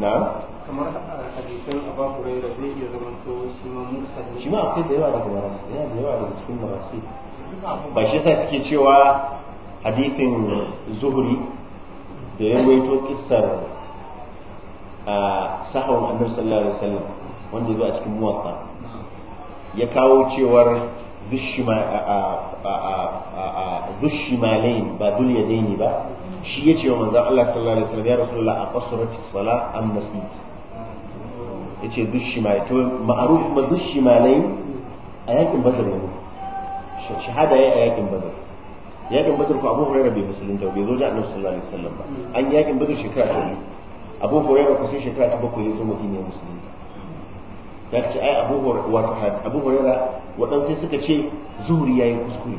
na kamar ah, ah, hadisan abu hurairah zai iya zama to shi ma mursal shi ma akwai da yawa daga marasi yana da yawa daga cikin marasi ba shi yasa suke cewa hadithin zuhri da ya waito kissar a sahawun annabi sallallahu alaihi wasallam wanda ya zo a cikin muwatta ya kawo cewar zushimalain ba daini ba shi ya ce wa manzan Allah sallallahu alaihi wasallam ya rasulullah a qasurati sala an masjid yace zushimai to ma'ruf ma zushimalain a yakin badar ne shahada ya a yakin badar yakin badar ko abu hurairah bai musulunta bai zo da annabi sallallahu alaihi wasallam ba an yakin badar shekara ta biyu abu hurairah kusan shekara ta bakwai ya zo madina ya musulunta ya ce ai abu hurairah abu hurairah wadan sai suka ce zuri yayin kuskure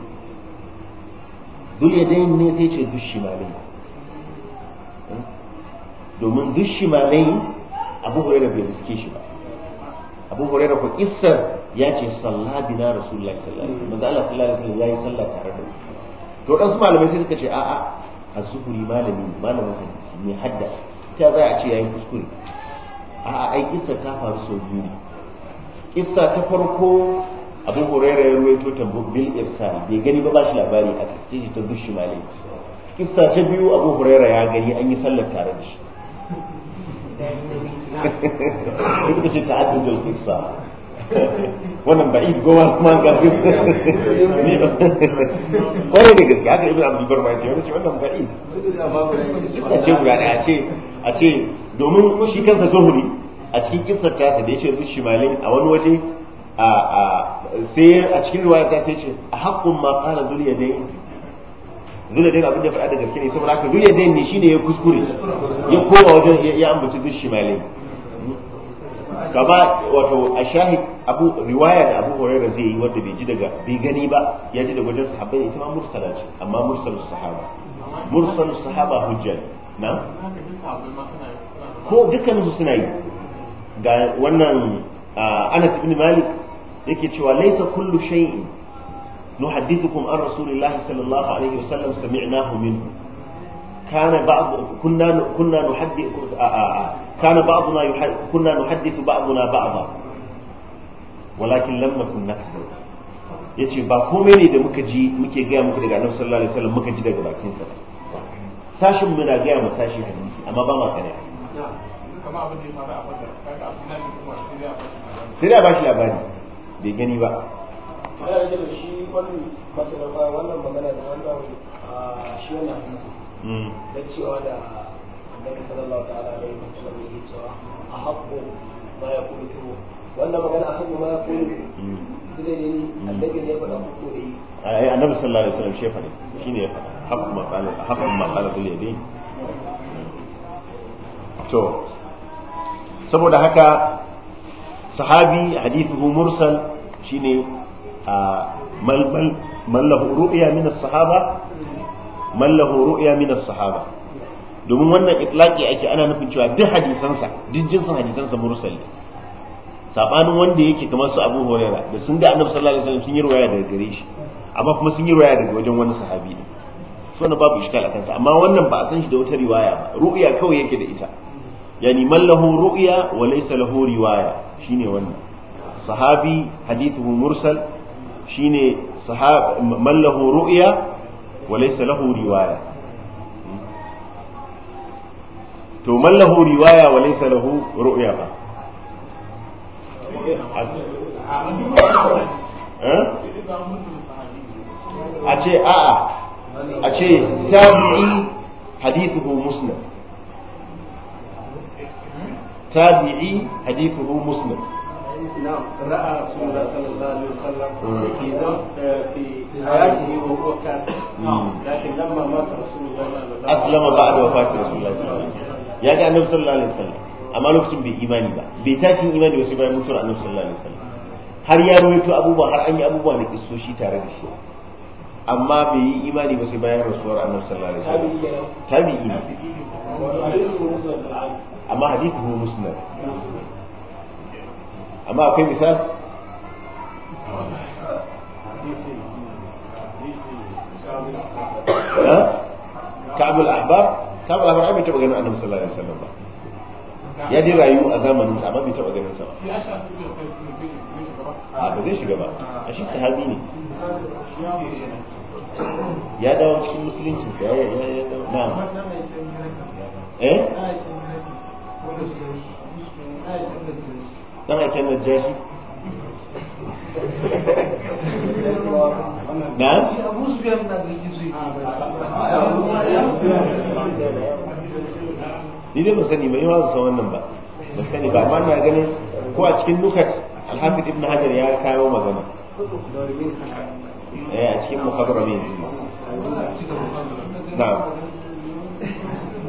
dul dai ne sai ce dushi malai domin dushi malai abu hurairah bai riske shi ba abu hurairah ko kissar ya ce salla bina rasulullahi sallallahu alaihi wasallam manzo Allah sallallahu alaihi wasallam yayi sallah tare da mu to dan su malamai sai suka ce a'a a zuhri malami malamin hadisi ne hadda ta za a ce yi kuskure a'a ai kissa ta faru sau biyu kissa ta farko abu huraira ya ruwaito ta bil irsal bai gani ba ba shi labari a cikin ta dushi malami kissa ta biyu abu huraira ya gani an yi sallar tare da shi ita ce ta'addudul kissa wannan ba id gowa kuma ga ni ba kwarai da gaske haka ibn abdul barma ce wani wannan ba id a ce guda ɗaya a ce a ce shi kansa zuhuri a cikin kissar tasa da ya ce zu a wani waje a sai a cikin riwaya ta sai ce a haƙƙun ma ƙara zuriya da yin dole dai abin da faɗa da gaske ne saboda haka duniya dai ne shine ya kuskure ya koma wajen ya ambaci duk shimalai kama wato a shahid abu riwaya da abu hurairah zai yi wanda bai ji daga bai gani ba ya ji daga wajen sahabbai ita ma mursala ce amma mursal sahaba mursal sahaba hujja na ko dukkan su suna yi ga wannan Anas ibn Malik yake cewa laisa kullu shay'in nuhaddithukum an rasulillahi sallallahu alaihi wasallam sami'nahu minhu كان بعض كنا كنا نحدث كان بعضنا كنا نحدث بعضنا بعضا ولكن لم نكن نفهم yace ba komai ne da muka ji muke gaya muku daga annabi sallallahu alaihi wasallam muka ji daga bakin sashin mu na gaya ma sashi hadisi amma ba ma kare kama abin da ya faru a badar kaga abdullahi kuma sai da ba shi labari bai gani ba da shi wannan wannan magana da wannan shi wannan hadisi Mm. na cewa da annabi sallallahu ta'ala alaihi wasallam yake cewa a haƙƙo ma ya kulu tuwo wannan magana a haƙƙo ma ya kulu zai mm. ne mm. annabi ne ya faɗa kuku da yi ai annabi sallallahu alaihi wasallam shefa ne shine ya faɗa haƙƙo ma qala haƙƙo ma qala to saboda haka sahabi hadithu mursal shine a ah, malbal mallahu ru'ya min as-sahaba man lahu ru'ya min as-sahaba domin wannan itlaqi ake ana nufin cewa duk hadisansa duk jinsin hadisansa mursal ne sabanin wanda yake kamar su Abu Huraira da sun ga Annabi sallallahu alaihi wasallam sun yi riwaya daga gare shi amma kuma sun yi riwaya daga wajen wani sahabi ne so na babu iskal akan sa amma wannan ba a san shi da wata riwaya ba ru'ya kawai yake da ita yani man lahu ru'ya wa laysa lahu riwaya shine wannan sahabi hadithu mursal shine sahab man lahu ru'ya walaysa lahu riwaya to man lahu riwaya walaysa lahu ru'ya ba eh? a ce a'a a ce tabi'i hadithu muslim tabi'i رأى رسول الله صلى الله عليه وسلم في في حياته وهو لكن لما مات رسول الله صلى الله عليه وسلم بعد رسول الله صلى الله عليه وسلم amma lokacin bai imani ba bai tashin imani wasu bayan mutuwar annabi sallallahu alaihi wasallam har ya rawaito abubuwa har an yi abubuwa na shi tare da shi amma bai yi imani ba sai bayan rasuwar annabi sallallahu alaihi wasallam tabi'i amma hadithu musnad amma akwai misal kabul ahbab kabul ahbab ai bai taba ganin annabi sallallahu alaihi wasallam ba ya je rayu a zamanin sa amma bai taba ganin sa ba a ba zai shiga ba a shi sahabi ne ya dawo cikin musulunci ya ya ya na eh dan aikin najashi نعم dai ba sani mai yawa san wannan ba ba sani ba amma na ganin ko a cikin nukat alhafiz ibn hajar ya kawo magana eh a cikin muhadramin na'am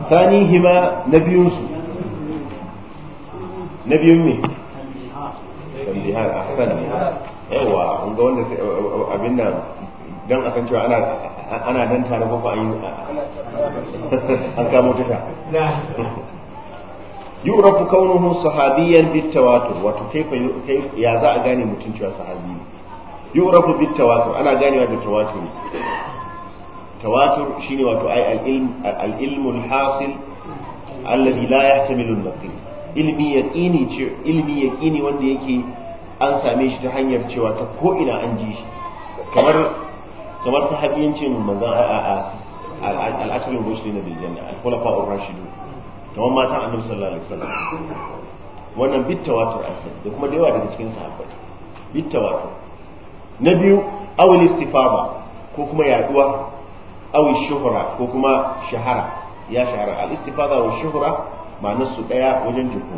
tani hima nabiyun su nabiyun ne jihad ahsan yawa an ga wanda abin nan dan akan cewa ana ana dan tare ko an yi an kamo tuta yurafu kaunuhu sahabiyan bitawatur wato kaifa ya za a gane mutum cewa sahabi ne yurafu bitawatur ana ganewa da tawatur tawatur shine wato ai al-ilm al-ilm al-hasil alladhi la yahtamilu al-naqil ilmi yaqini ilmi yaqini wanda yake an same shi ta hanyar cewa ta ko ina an ji shi kamar kamar sahabiyancin manzon al'ashirin goshi na biljanna al-khulafa ar kamar matan annabi sallallahu alaihi wasallam wannan bittawatur asali da kuma da yawa daga cikin sahabbai bittawatur na biyu awil istifama ko kuma yaduwa awi shuhura ko kuma shahara ya shahara al-istifada wa shuhura ma nasu daya wajen jiko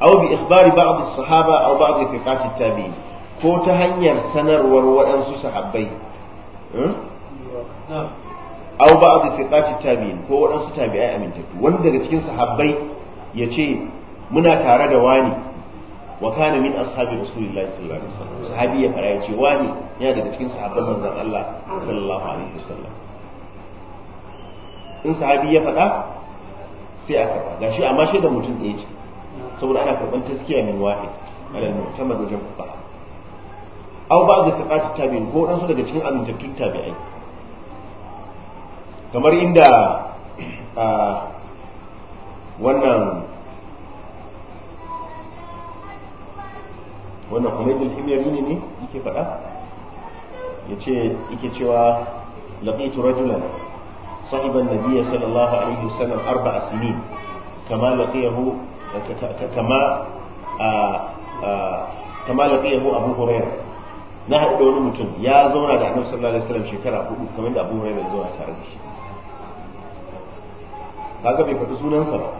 aw bi ikhbari ba'd as-sahaba aw ba'd thiqat at-tabi'in ko ta hanyar sanarwar waɗansu sahabbai a ba'd thiqat at-tabi'in ko waɗansu tabi'ai amintattu wanda daga cikin sahabbai yace muna tare da wani wa kana min ashabi rasulillahi sallallahu alaihi wasallam sahabi ya fara yace wani yana daga cikin sahabban manzon Allah sallallahu alaihi wasallam in sahabi ya faɗa sai gashi amma da mutum ɗaya ce saboda ana karban taskiya min wahid alal mu'tamad wajen fuqaha aw ba'd thiqat tabi'in ko dan su daga cikin amintattun tabi'ai kamar inda wannan wannan hunaydul himyari ne ne yake faɗa ya ce yake cewa laqitu rajulan صحب النبي sallallahu alaihi عليه وسلم أربع سنين كما لقيه kama kama laqiyahu abu hurairah na haɗu da wani mutum ya zauna da annabi sallallahu alaihi wasallam shekara hudu kamar da abu hurairah ya zauna tare da shi kaga bai faɗi sunansa ba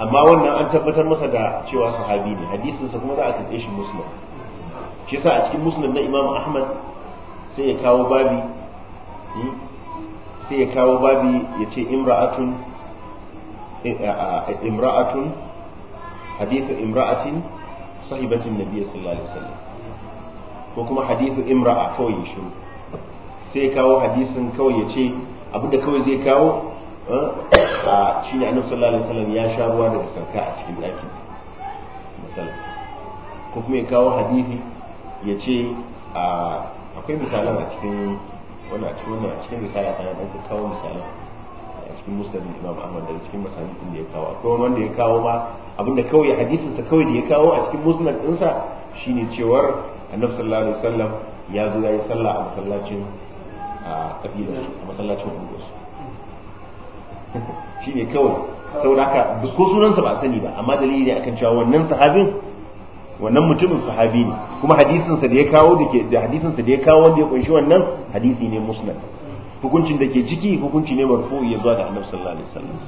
amma wannan an tabbatar masa da cewa sahabi ne hadisinsa kuma za a karɓe shi muslim shi yasa a cikin muslim na imam ahmad sai ya kawo babi hmm, sai ya kawo babi ya ce imra'atun imra'atun hadithu imra'atin sahibatin nabiy sallallahu alaihi wasallam ko kuma hadithu imra'a kawai ya shiru sai kawo hadisin kawai ya ce da kawai zai kawo eh, a shine annabi sallallahu alaihi wasallam ya sha ruwa daga sarka a cikin daki misali ko kuma ya kawo hadisi ya ce akwai misalan a cikin wannan a cikin wannan a cikin misali a kawo misalan a cikin musnadin imam ahmad daga cikin masanin da ya kawo kuma wanda ya kawo ma abinda kawai hadisin sa kawai da ya kawo a cikin musnad ɗinsa shine cewar annabi sallallahu alaihi wasallam ya zo ya yi sallah a masallacin a kabilar a masallacin ungos shine kawai saboda haka ko sunansa ba a sani ba amma dalili ne akan cewa wannan sahabin wannan mutumin sahabi ne kuma hadisinsa da ya kawo da hadisinsa da ya kawo wanda ya kunshi wannan hadisi ne musnad hukuncin da ke ciki hukunci ne marfu'i ya zuwa ga annabi sallallahu alaihi wasallam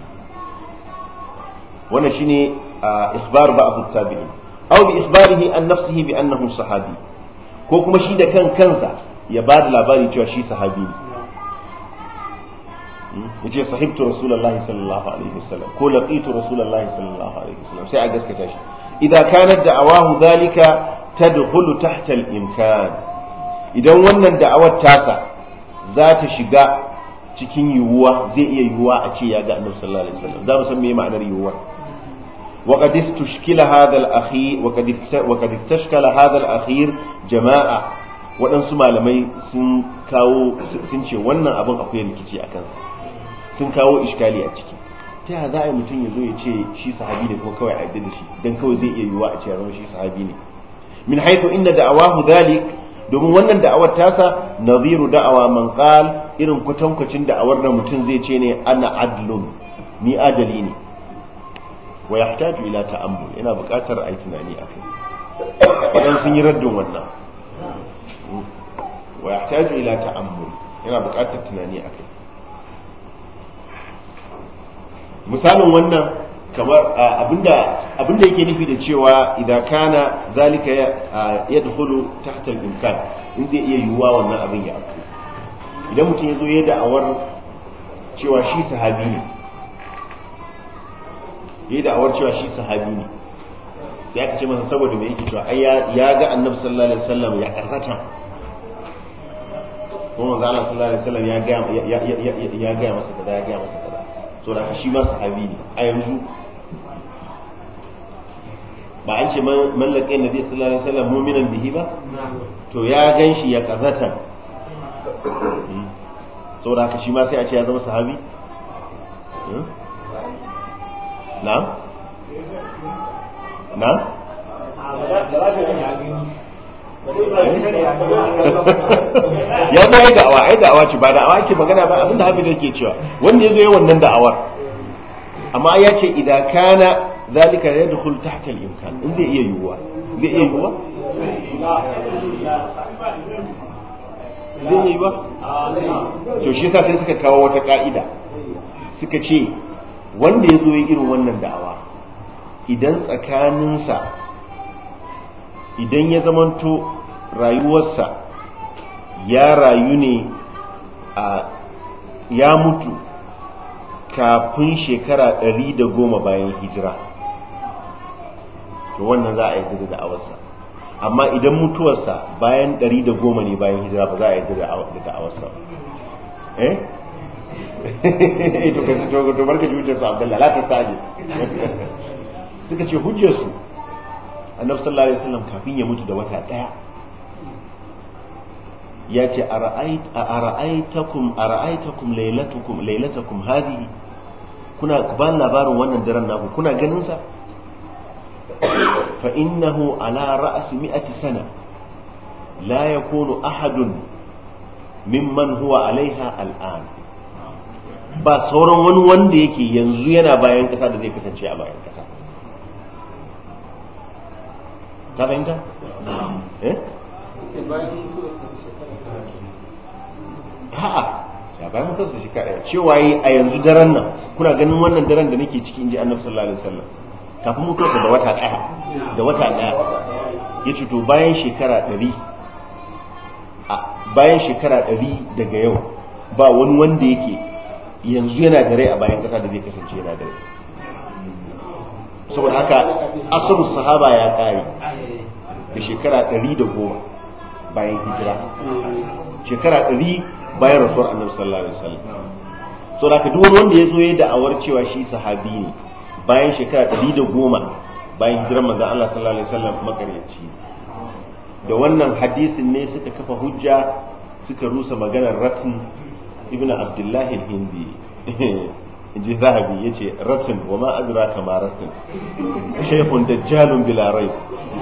wannan shine isbar ba'd tabi'in aw bi isbarihi an nafsihi bi annahu sahabi ko kuma shi da kan kansa ya ba da labari cewa shi sahabi ne hmm? yace sahibtu rasulullahi sallallahu alaihi wasallam ko laqitu rasulullahi sallallahu alaihi wasallam sai a gaskata shi idan kanat da'awahu dhalika tadkhulu tahta al-imkan idan wannan da'awar tasa za ta shiga cikin yiwuwa zai iya yiwuwa a ce ya ga annabi sallallahu alaihi wasallam za mu san me ma'anar yiwuwa وقد استشكل هذا الأخير وقد وقد استشكل هذا الأخير جماعة waɗansu malamai sun kawo sun ce wannan abin akwai rikici a kansa sun kawo iskali a ciki ta yaya za a yi mutum ya zo ya ce shi sahabi ne kuma kawai a yadda da shi dan kawai zai iya yiwuwa a ce ya zama shi sahabi ne min haythu inna da'awahu dhalik domin wannan da'awar tasa nadhiru da'awa man qal irin kutankucin da'awar da mutum zai ce ne ana adlun ni adali ne wa yahtaju ila ta'ammul yana buƙatar a yi tunani akai wadan sun yi raddin wannan wa yahtaju ila ta'ammul yana buƙatar tunani akai misalin wannan kamar abinda abinda yake nufi da cewa idan kana zalika ya dukulu tahta al-imkan in zai iya yiwuwa wannan abin ya afku idan mutum ya zo ya da'awar cewa shi sahabi ne ya da'awar cewa shi sahabi ne sai aka ce masa saboda me yake cewa ai ya ga annabi sallallahu alaihi wasallam ya karkata kuma manzo Allah sallallahu alaihi wasallam ya ga ya ga masa kaza ya ga masa kaza to da shi ma sahabi ne a yanzu ba an ce mallakin nabi sallallahu alaihi wasallam mu'minan bihi ba to ya ganshi ya kazatan saboda haka shi ma sai a ce ya zama sahabi na hmm? na eh? ya zo ya da'awa ai da'awa ce ba da'awa ake magana ba abinda hafi da ke cewa wanda ya zo ya wannan da'awar amma ya ce idan kana zalika yadkhul tahta al-imkan in zai iya yiwuwa zai iya yiwuwa zai yi to shi sa sai suka kawo wata ka'ida suka ce wanda ya zo ya irin wannan da'awa idan tsakaninsa idan ya zamanto rayuwarsa ya rayu ne a ya mutu kafin shekara ɗari da goma bayan hijira to wannan za a yi da da'awarsa amma idan mutuwarsa bayan ɗari da goma ne bayan hijira ba za a yi da da'awarsa eh to kai to to barka hujjar su Abdullahi la ta saje suka ce hujjar su Annabi sallallahu alaihi wasallam kafin ya mutu da wata daya ya ce ara'aitakum ara'aitakum laylatukum laylatakum hadhihi kuna ban labarin wannan daren naku kuna ganin sa فإنه على رأس مئة سنة لا يكون أحد ممن هو عليها الآن ba sauran wani wanda yake yanzu yana bayan kasa da zai kasance a bayan kasa ka fahimta? eh? ha'a ya bayan shi shekara cewa yi a yanzu daren nan kuna ganin wannan daren da nake ciki in ji annabi sallallahu alaihi wasallam kafin mutuwarsa da wata ɗaya da wata ɗaya ya ce to bayan shekara ɗari bayan shekara ɗari daga yau ba wani wanda yake yanzu yana da rai a bayan ƙasa da zai kasance yana da rai saboda haka asabu sahaba ya ƙare da shekara ɗari da goma bayan hijira shekara ɗari bayan rasuwar annabi sallallahu alaihi wasallam saboda haka duk wanda ya zo ya da'awar cewa shi sahabi ne bayan shekara ɗari da goma bayan hijirar manzon Allah sallallahu alaihi wasallam makaryaci da wannan hadisin ne suka kafa hujja suka rusa maganar ratin ibn abdullahi hindi inji zahabi ya ce ratin wa ma adraka ma ratin shaykhun dajjalun bila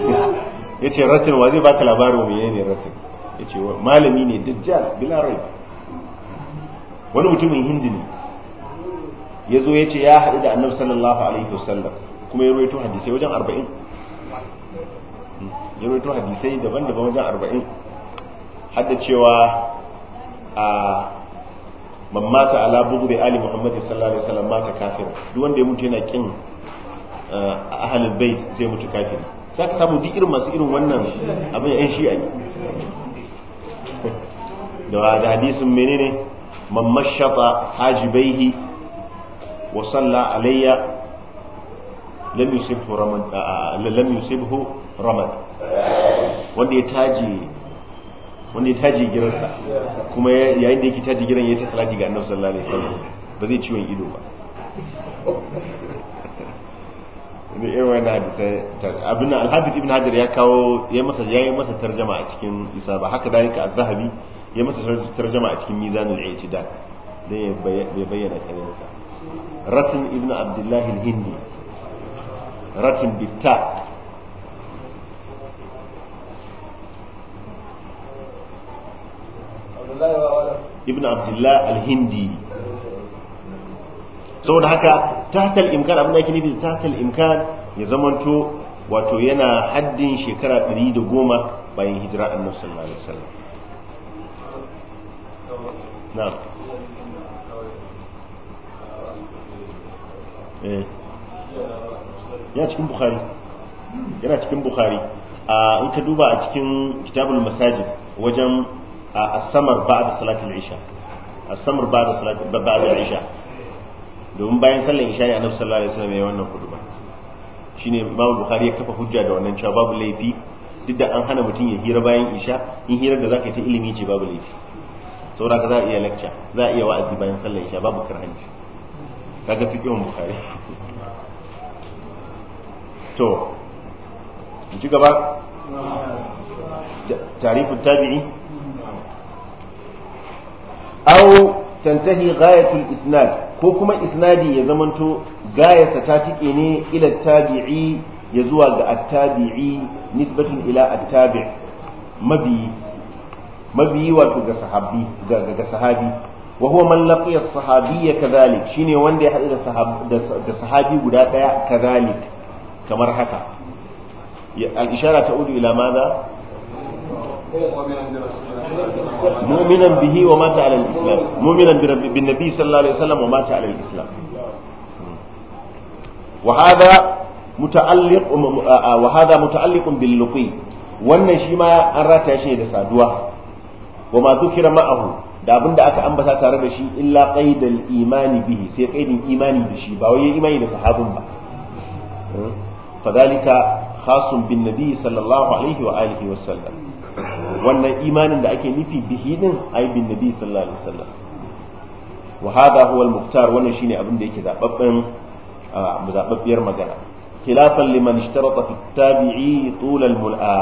ya ce ratin wa zai baka labarin wa ne ratin ya ce malami ne dajjal Bilarai wani mutumin hindi ne ya zo ya ce ya haɗu da annabi sallallahu alaihi wasallam kuma ya rawaito hadisai wajen arba'in hmm, ya rawaito hadisai daban-daban wajen arba'in hadda cewa a man mata ala bughdi ali muhammad sallallahu alaihi wasallam mata kafir duk wanda ya mutu yana kin ahlul bait zai mutu kafir za ka samu duk irin masu irin wannan abin yan shi'a ne da hadisin menene man mashata hajibaihi wa salla alayya lam yusibhu ramad lam yusibhu wanda ya taji wanda ya taji girarsa kuma yayin da yake taji giran yayi ta salati ga annabi sallallahu alaihi wasallam ba zai ciwon ido ba ne irin wani hadisai abin al alhadis ibn hajar ya kawo ya masa ya yi masa tarjuma a cikin isaba ba haka dalika az-zahabi ya masa tarjuma a cikin mizanul i'tidal dan ya bayyana kayansa ratin ibn abdullahi hindi ratin bitta ibn abdullahi al-hindi saboda haka tahtal imkan abin da yake nufi tahtal imkan ya zamanto wato yana haddin shekara 110 bayan hijira annabi sallallahu alaihi wasallam na'am Eh. ya cikin bukhari yana cikin bukhari a in ka duba a cikin kitabul masajid wajen as-samar ba'da salatul isha as-samar ba'da salatul ba'da isha domin bayan sallar isha ne annabi sallallahu alaihi wasallam ya wannan kuduba shine babu bukhari ya kafa hujja da wannan cewa babu laifi duk da an hana mutum ya hira bayan isha in hira da zaka ta ilimi ce babu laifi saboda ka za a iya lecture za a iya wa'azi bayan sallar isha babu karhanci kaga yawan bukari to in ci gaba tarifin tabi'i aw tantahi ghayatul isnad ko kuma isnadi ya zamanto gayasa ta tike ne ila tabi'i ya zuwa ga at-tabi'i nisbatun ila at-tabi' mabiyi mabiyi wato ga sahabi ga sahabi wa huwa man laqiya sahabiyya kadhalik shine wanda ya hadu da sahabi guda daya kadhalik kamar haka al ishara ila مؤمنا به ومات على الاسلام مؤمنا بالنبي صلى الله عليه وسلم ومات على وهذا متعلق وهذا متعلق باللقي wannan shi ma an rata shi da saduwa wa ma zukira da abin da aka ambata tare da shi illa qaidal imani bihi sai qaidin imani da shi ba wai imani da sahabin ba hmm? fadalika khasun bin nabi sallallahu alaihi wa alihi wa sallam wannan imanin da ake nufi bihi din ai bin nabi sallallahu alaihi wa sallam wa hada huwa al-muqtar wannan shine abin da yake zababben zababbiyar magana khilafan liman ishtarata fi tabi'i tulal mula'a,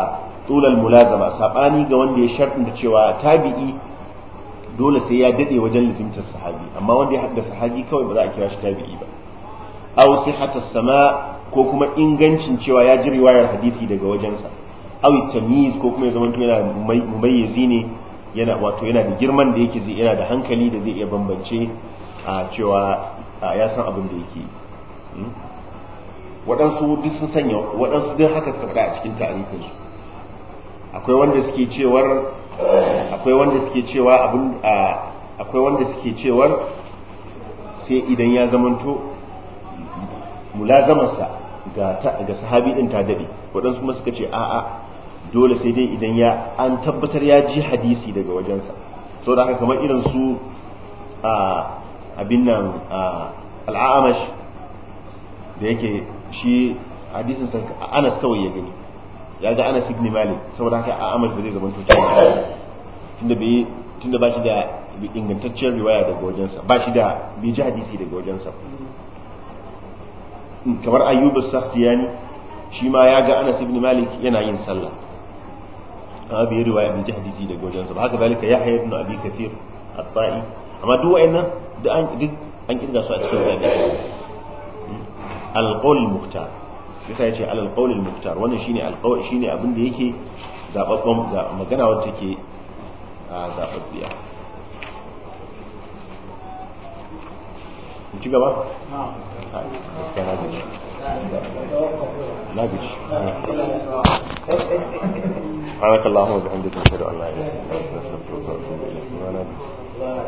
tulal mulazama sabani ga wanda ya shartin da cewa tabi'i dole sai ya dade wajen lizimtar sahabi amma wanda ya hadda sahabi kawai ba za a kira shi tabi'i ba aw sihhatu sama ko kuma ingancin cewa ya ji riwayar hadisi daga wajensa aw tamyiz ko kuma ya zama yana mumayyizi ne yana wato yana da girman da yake zai yana da hankali da zai iya bambance a cewa ya san abin da yake hmm? waɗansu duk sun sanya waɗansu duk haka suka faɗa a cikin su akwai wanda suke cewar akwai wanda suke cewa abin akwai wanda suke cewar sai idan ya zamanto mulazamarsa ga sahabi din ta dade waɗansu kuma suka ce a'a dole sai dai idan ya an tabbatar ya ji hadisi daga wajensa da haka kamar irin su abin nan al'amash da yake shi hadisin anas kawai ya gani ya ga Anas ibn Malik saboda haka a Ahmad ba zai zama tuta tunda bai tunda ba shi da ingantacciyar riwaya daga wajensa ba shi da bai ji hadisi daga wajensa hmm, kamar Ayyub as-Sakhtiyani shi ma ya ga Anas ibn Malik yana yin sallah amma bai riwaya bai ji hadisi daga wajensa ba haka zalika Yahya ibn Abi Kathir at-Ta'i amma duk wa'annan da duk an kirga su a cikin tabi'i hmm. al-qawl muhtar shi sai ce alal qaulil muktar wannan shine alqaul shine abin da yake zababban magana wacce take zababbiya ci gaba na gaji سبحانك اللهم وبحمدك نشهد ان لا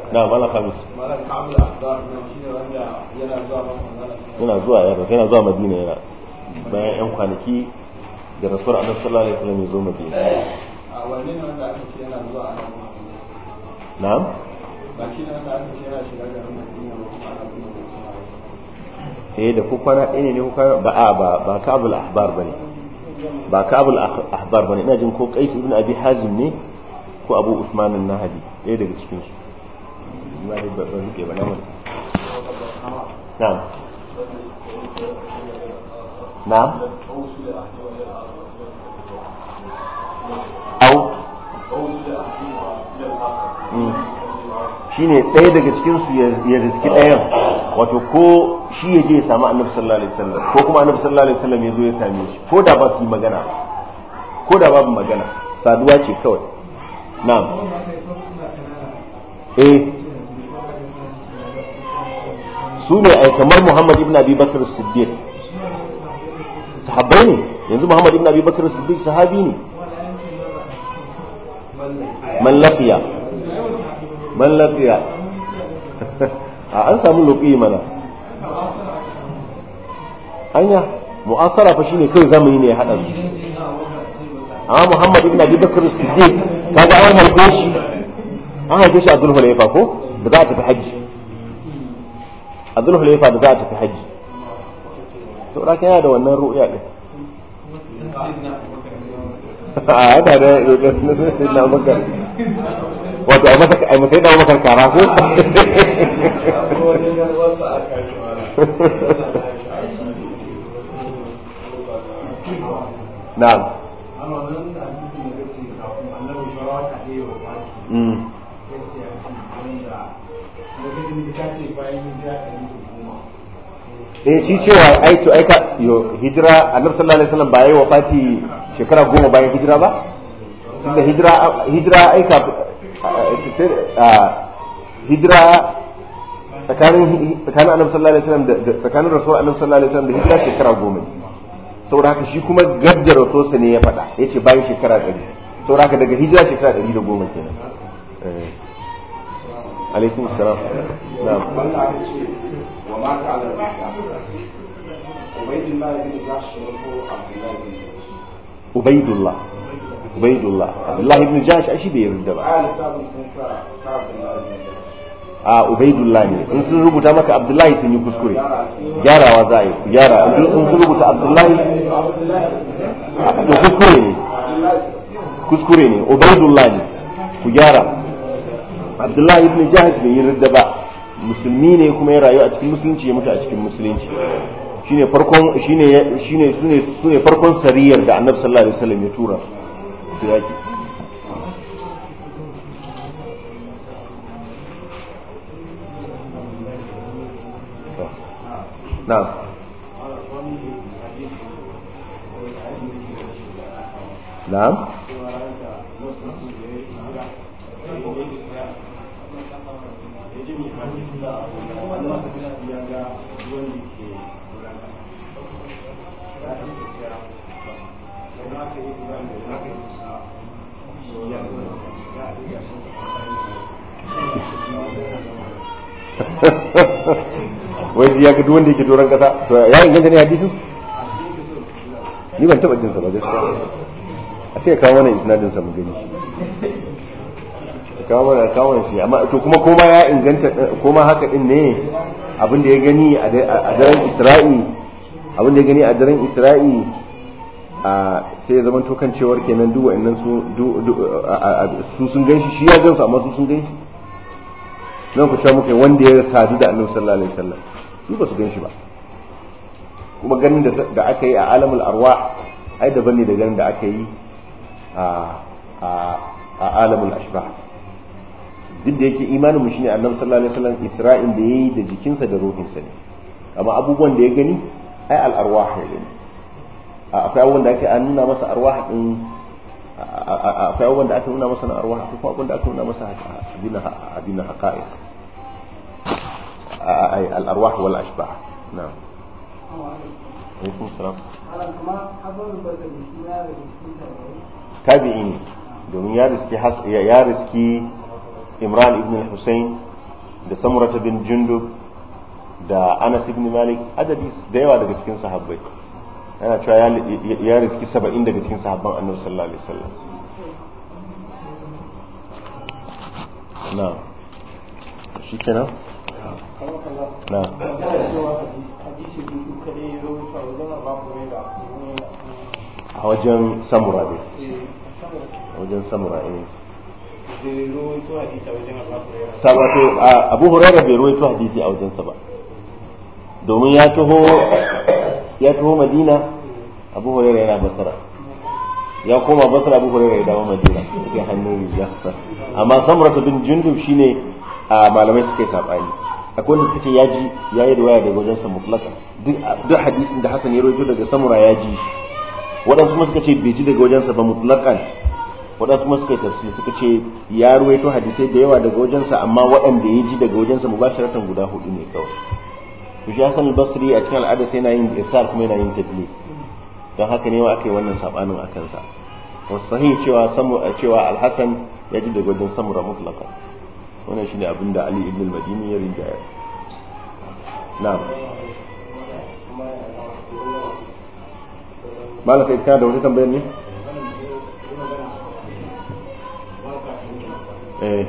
اله الا انت اليك bayan yan kwanaki da rasuwar annabi sallallahu alaihi wasallam ya zo madina a wani ne wanda aka ce yana zuwa ana na'am ba shi ne wanda aka ce yana shiga garin madina ba kuma eh da ku kwana ɗaya ne ko kwana ba a ba ba kabul ahbar bane ba kabul ahbar bane ina jin ko qais ibn abi hazim ne ko abu usman an-nahabi ɗaya daga cikin su ba ba ba ba na na'am na'am au hmm. shine ɗaya daga cikin su ya riski ɗayan wato ko shi ya je ya samu annabi sallallahu alaihi wasallam ko kuma annabi sallallahu alaihi wasallam ya zo ya same shi ko da ba su yi magana ko da babu magana saduwa ce kawai na'am eh su ne ai kamar Muhammad ibnu Abi Bakr Siddiq sahabbai ne yanzu Muhammad ibn Abi Bakr Siddiq sahabi ne man lafiya man lafiya a an samu lokaci mana anya mu'asara fa shine kai zamani ne ya hada su amma Muhammad ibn Abi Bakr Siddiq kaga an haife shi an haife shi a Dhul Hulayfa ko da za a tafi hajji. a Dhul Hulayfa da za a tafi hajji. to da yana da wannan ru'ya din a ah, haka da eh, wato a masa a masa kara ko na'am Mm. eh shi cewa ai to aika yo hijira annabi sallallahu alaihi wasallam ba yayi wafati shekara goma bayan hijira ba tunda hijira hijira aika eh, eh, a ah, hijira tsakanin tsakanin annabi sallallahu alaihi wasallam da tsakanin rasul annabi sallallahu alaihi wasallam da hijira shekara goma ne saboda haka shi kuma gab da rasul ne ya faɗa yace bayan shekara 100 saboda haka daga hijira shekara goma kenan eh. alaikum assalam na'am ومات على عبيد الله بن جحش وهو عبد الله بن جحش عبيد الله عبيد الله عبد الله بن جحش بقى a ubaidullah ne in sun rubuta maka abdullahi sun yi kuskure gyarawa za a yi ku gyara in sun rubuta abdullahi da kuskure ne kuskure ne ubaidullah ku gyara abdullahi ibn jahash bai yi ridda ba musulmi ne kuma ya rayu a cikin musulunci ya mutu a cikin musulunci shine farkon shine shine sune sune farkon sariyar da annabi sallallahu alaihi wasallam ya tura su yaki na'am na'am wai ya ga duk wanda yake doron kasa to ya inganta ne hadisin ni ban taba jin sa ba gaskiya a ce kawo wannan isnadin sa mu gani kawo wannan kawo shi amma to kuma koma ya inganta koma haka din ne abin da ya gani a daren Isra'i abin da ya gani a daren Isra'i a sai zaman to kan cewar kenan duk wa'annan su su sun ganshi shi ya gansu amma su sun gani nan ku cewa muke wanda ya sadu da Annabi sallallahu alaihi wasallam su ba su gan shi ba kuma ganin da aka yi a alamul arwa ai daban ne da ganin da aka yi a alamul ashba duk da yake imanin mu shine annabi sallallahu alaihi wasallam isra'in da yayi da jikinsa da ruhinsa ne amma abubuwan da ya gani ai al arwah ya gani akwai abubuwan da aka nuna masa arwah din akwai abubuwan da aka nuna masa na arwah akwai abubuwan da aka nuna masa abin abin haqa'iq al-arwah wal ashbah na'am alaikum salam tabi'in domin ya riski ya riski imran ibn al da samurata bin jundub da anas ibn malik adadi da yawa daga cikin sahabbai yana cewa ya riski saba'in daga cikin sahabban annabi sallallahu alaihi wasallam na shi kenan a wajen samura ne eh, wajen samura ne sabato abu hurara bai ruwaito hadisi a wajensa ba domin ya taho ya taho madina abu hurara yana basara ya koma basara abu hurairu ya dawo madina ya hannun rijiya amma samurata bin jundub shine a malamai suke sabani akwai wanda suke yaji ya ji ya yi riwaya daga wajen sa mutlaka duk hadisin da hasan ya rojo daga samura ya ji waɗansu kuma suka ce bai ji daga wajen sa ba mutlaka waɗansu kuma suka yi tafsir suka ce ya ruwaito hadisai da yawa daga wajen sa amma waɗanda ya ji daga wajen sa mubasharatan guda hudu ne kawai to shi hasan basri a cikin al'ada sai yana yin isar kuma yana yin tadlis don haka ne wa aka yi wannan sabanin akan sa wasu sahih cewa samu cewa al-hasan ya ji daga wajen samura mutlaka wannan shine abin da ali ibn al-madini ya rinjaya na'am malam sai da wata tambayar ne eh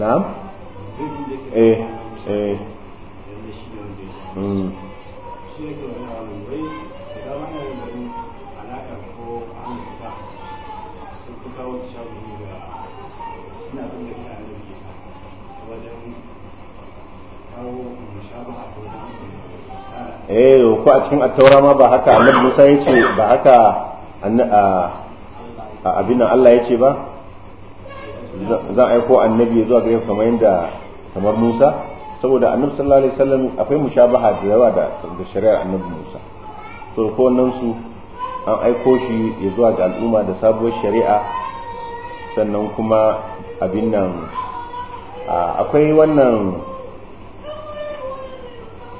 na'am eh eh mm eh ko a cikin attaura ma ba haka annabi Musa ya ce ba haka abin nan Allah ya ce ba zan aiko annabi zuwa gare kamar yadda kamar Musa saboda annabi sallallahu alaihi wasallam akwai mushabaha da yawa da shari'ar annabi Musa to ko nan su an aiko shi ya zuwa ga al'umma da sabuwar shari'a sannan kuma abin nan akwai wannan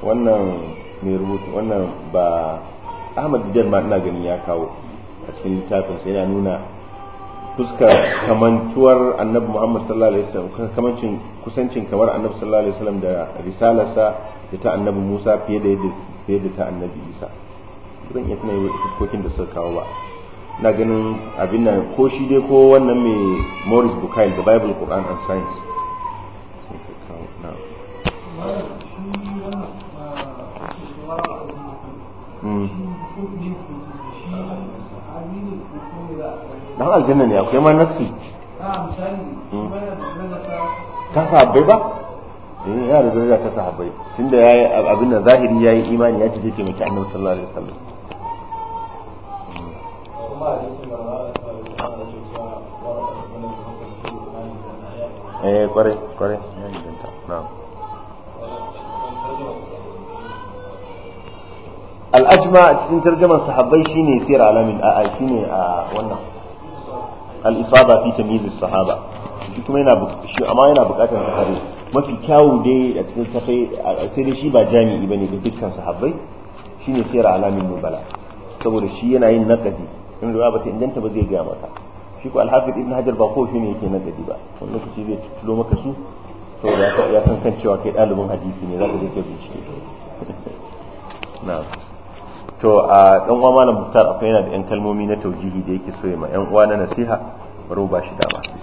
wannan mai rubutu wannan ba ahmad bidan ma ina ganin ya kawo a cikin littafin sai yana nuna fuskar kamantuwar annabi muhammad sallallahu alaihi wasallam kamancin kusancin kamar annabi sallallahu alaihi wasallam da risalarsa da ta annabi musa fiye da yadda fiye da ta annabi isa zan iya tunaye kokin da suka kawo ba na ganin abin nan ko shi dai ko wannan mai morris bukai da bible quran and science Mm-hmm. dan aljanna ne akwai ma nafsi ah, mm. ta sahabbai ba sai eh, ya da daraja ta sahabbai tunda yayi abin da zahiri yi imani ya tafi taimaki annabi sallallahu alaihi wasallam eh kwarai kwarai ya inganta na'am al'ajma a cikin tarjaman sahabbai shine sir alamin a'a shine a wannan al fi tamyiz sahaba shi kuma yana shi amma yana bukatar tafari mafi kyawu dai a cikin tafai sai dai shi ba jami'i bane ga dukkan sahabbai shine sir alamin nubala saboda shi yana yin naqadi in ruwa bata inganta ba zai ga maka shi ko al-hafiz ibn hajar ba ko ne yake naqadi ba wannan lokaci zai tulo maka su saboda ya san kan cewa kai ɗalibin hadisi ne za ka je ka bincike na'am to a ɗan uwa malam Muktar akwai yana da yan kalmomi na taujihi da yake so ya ma yan uwa na nasiha bari ba shi dama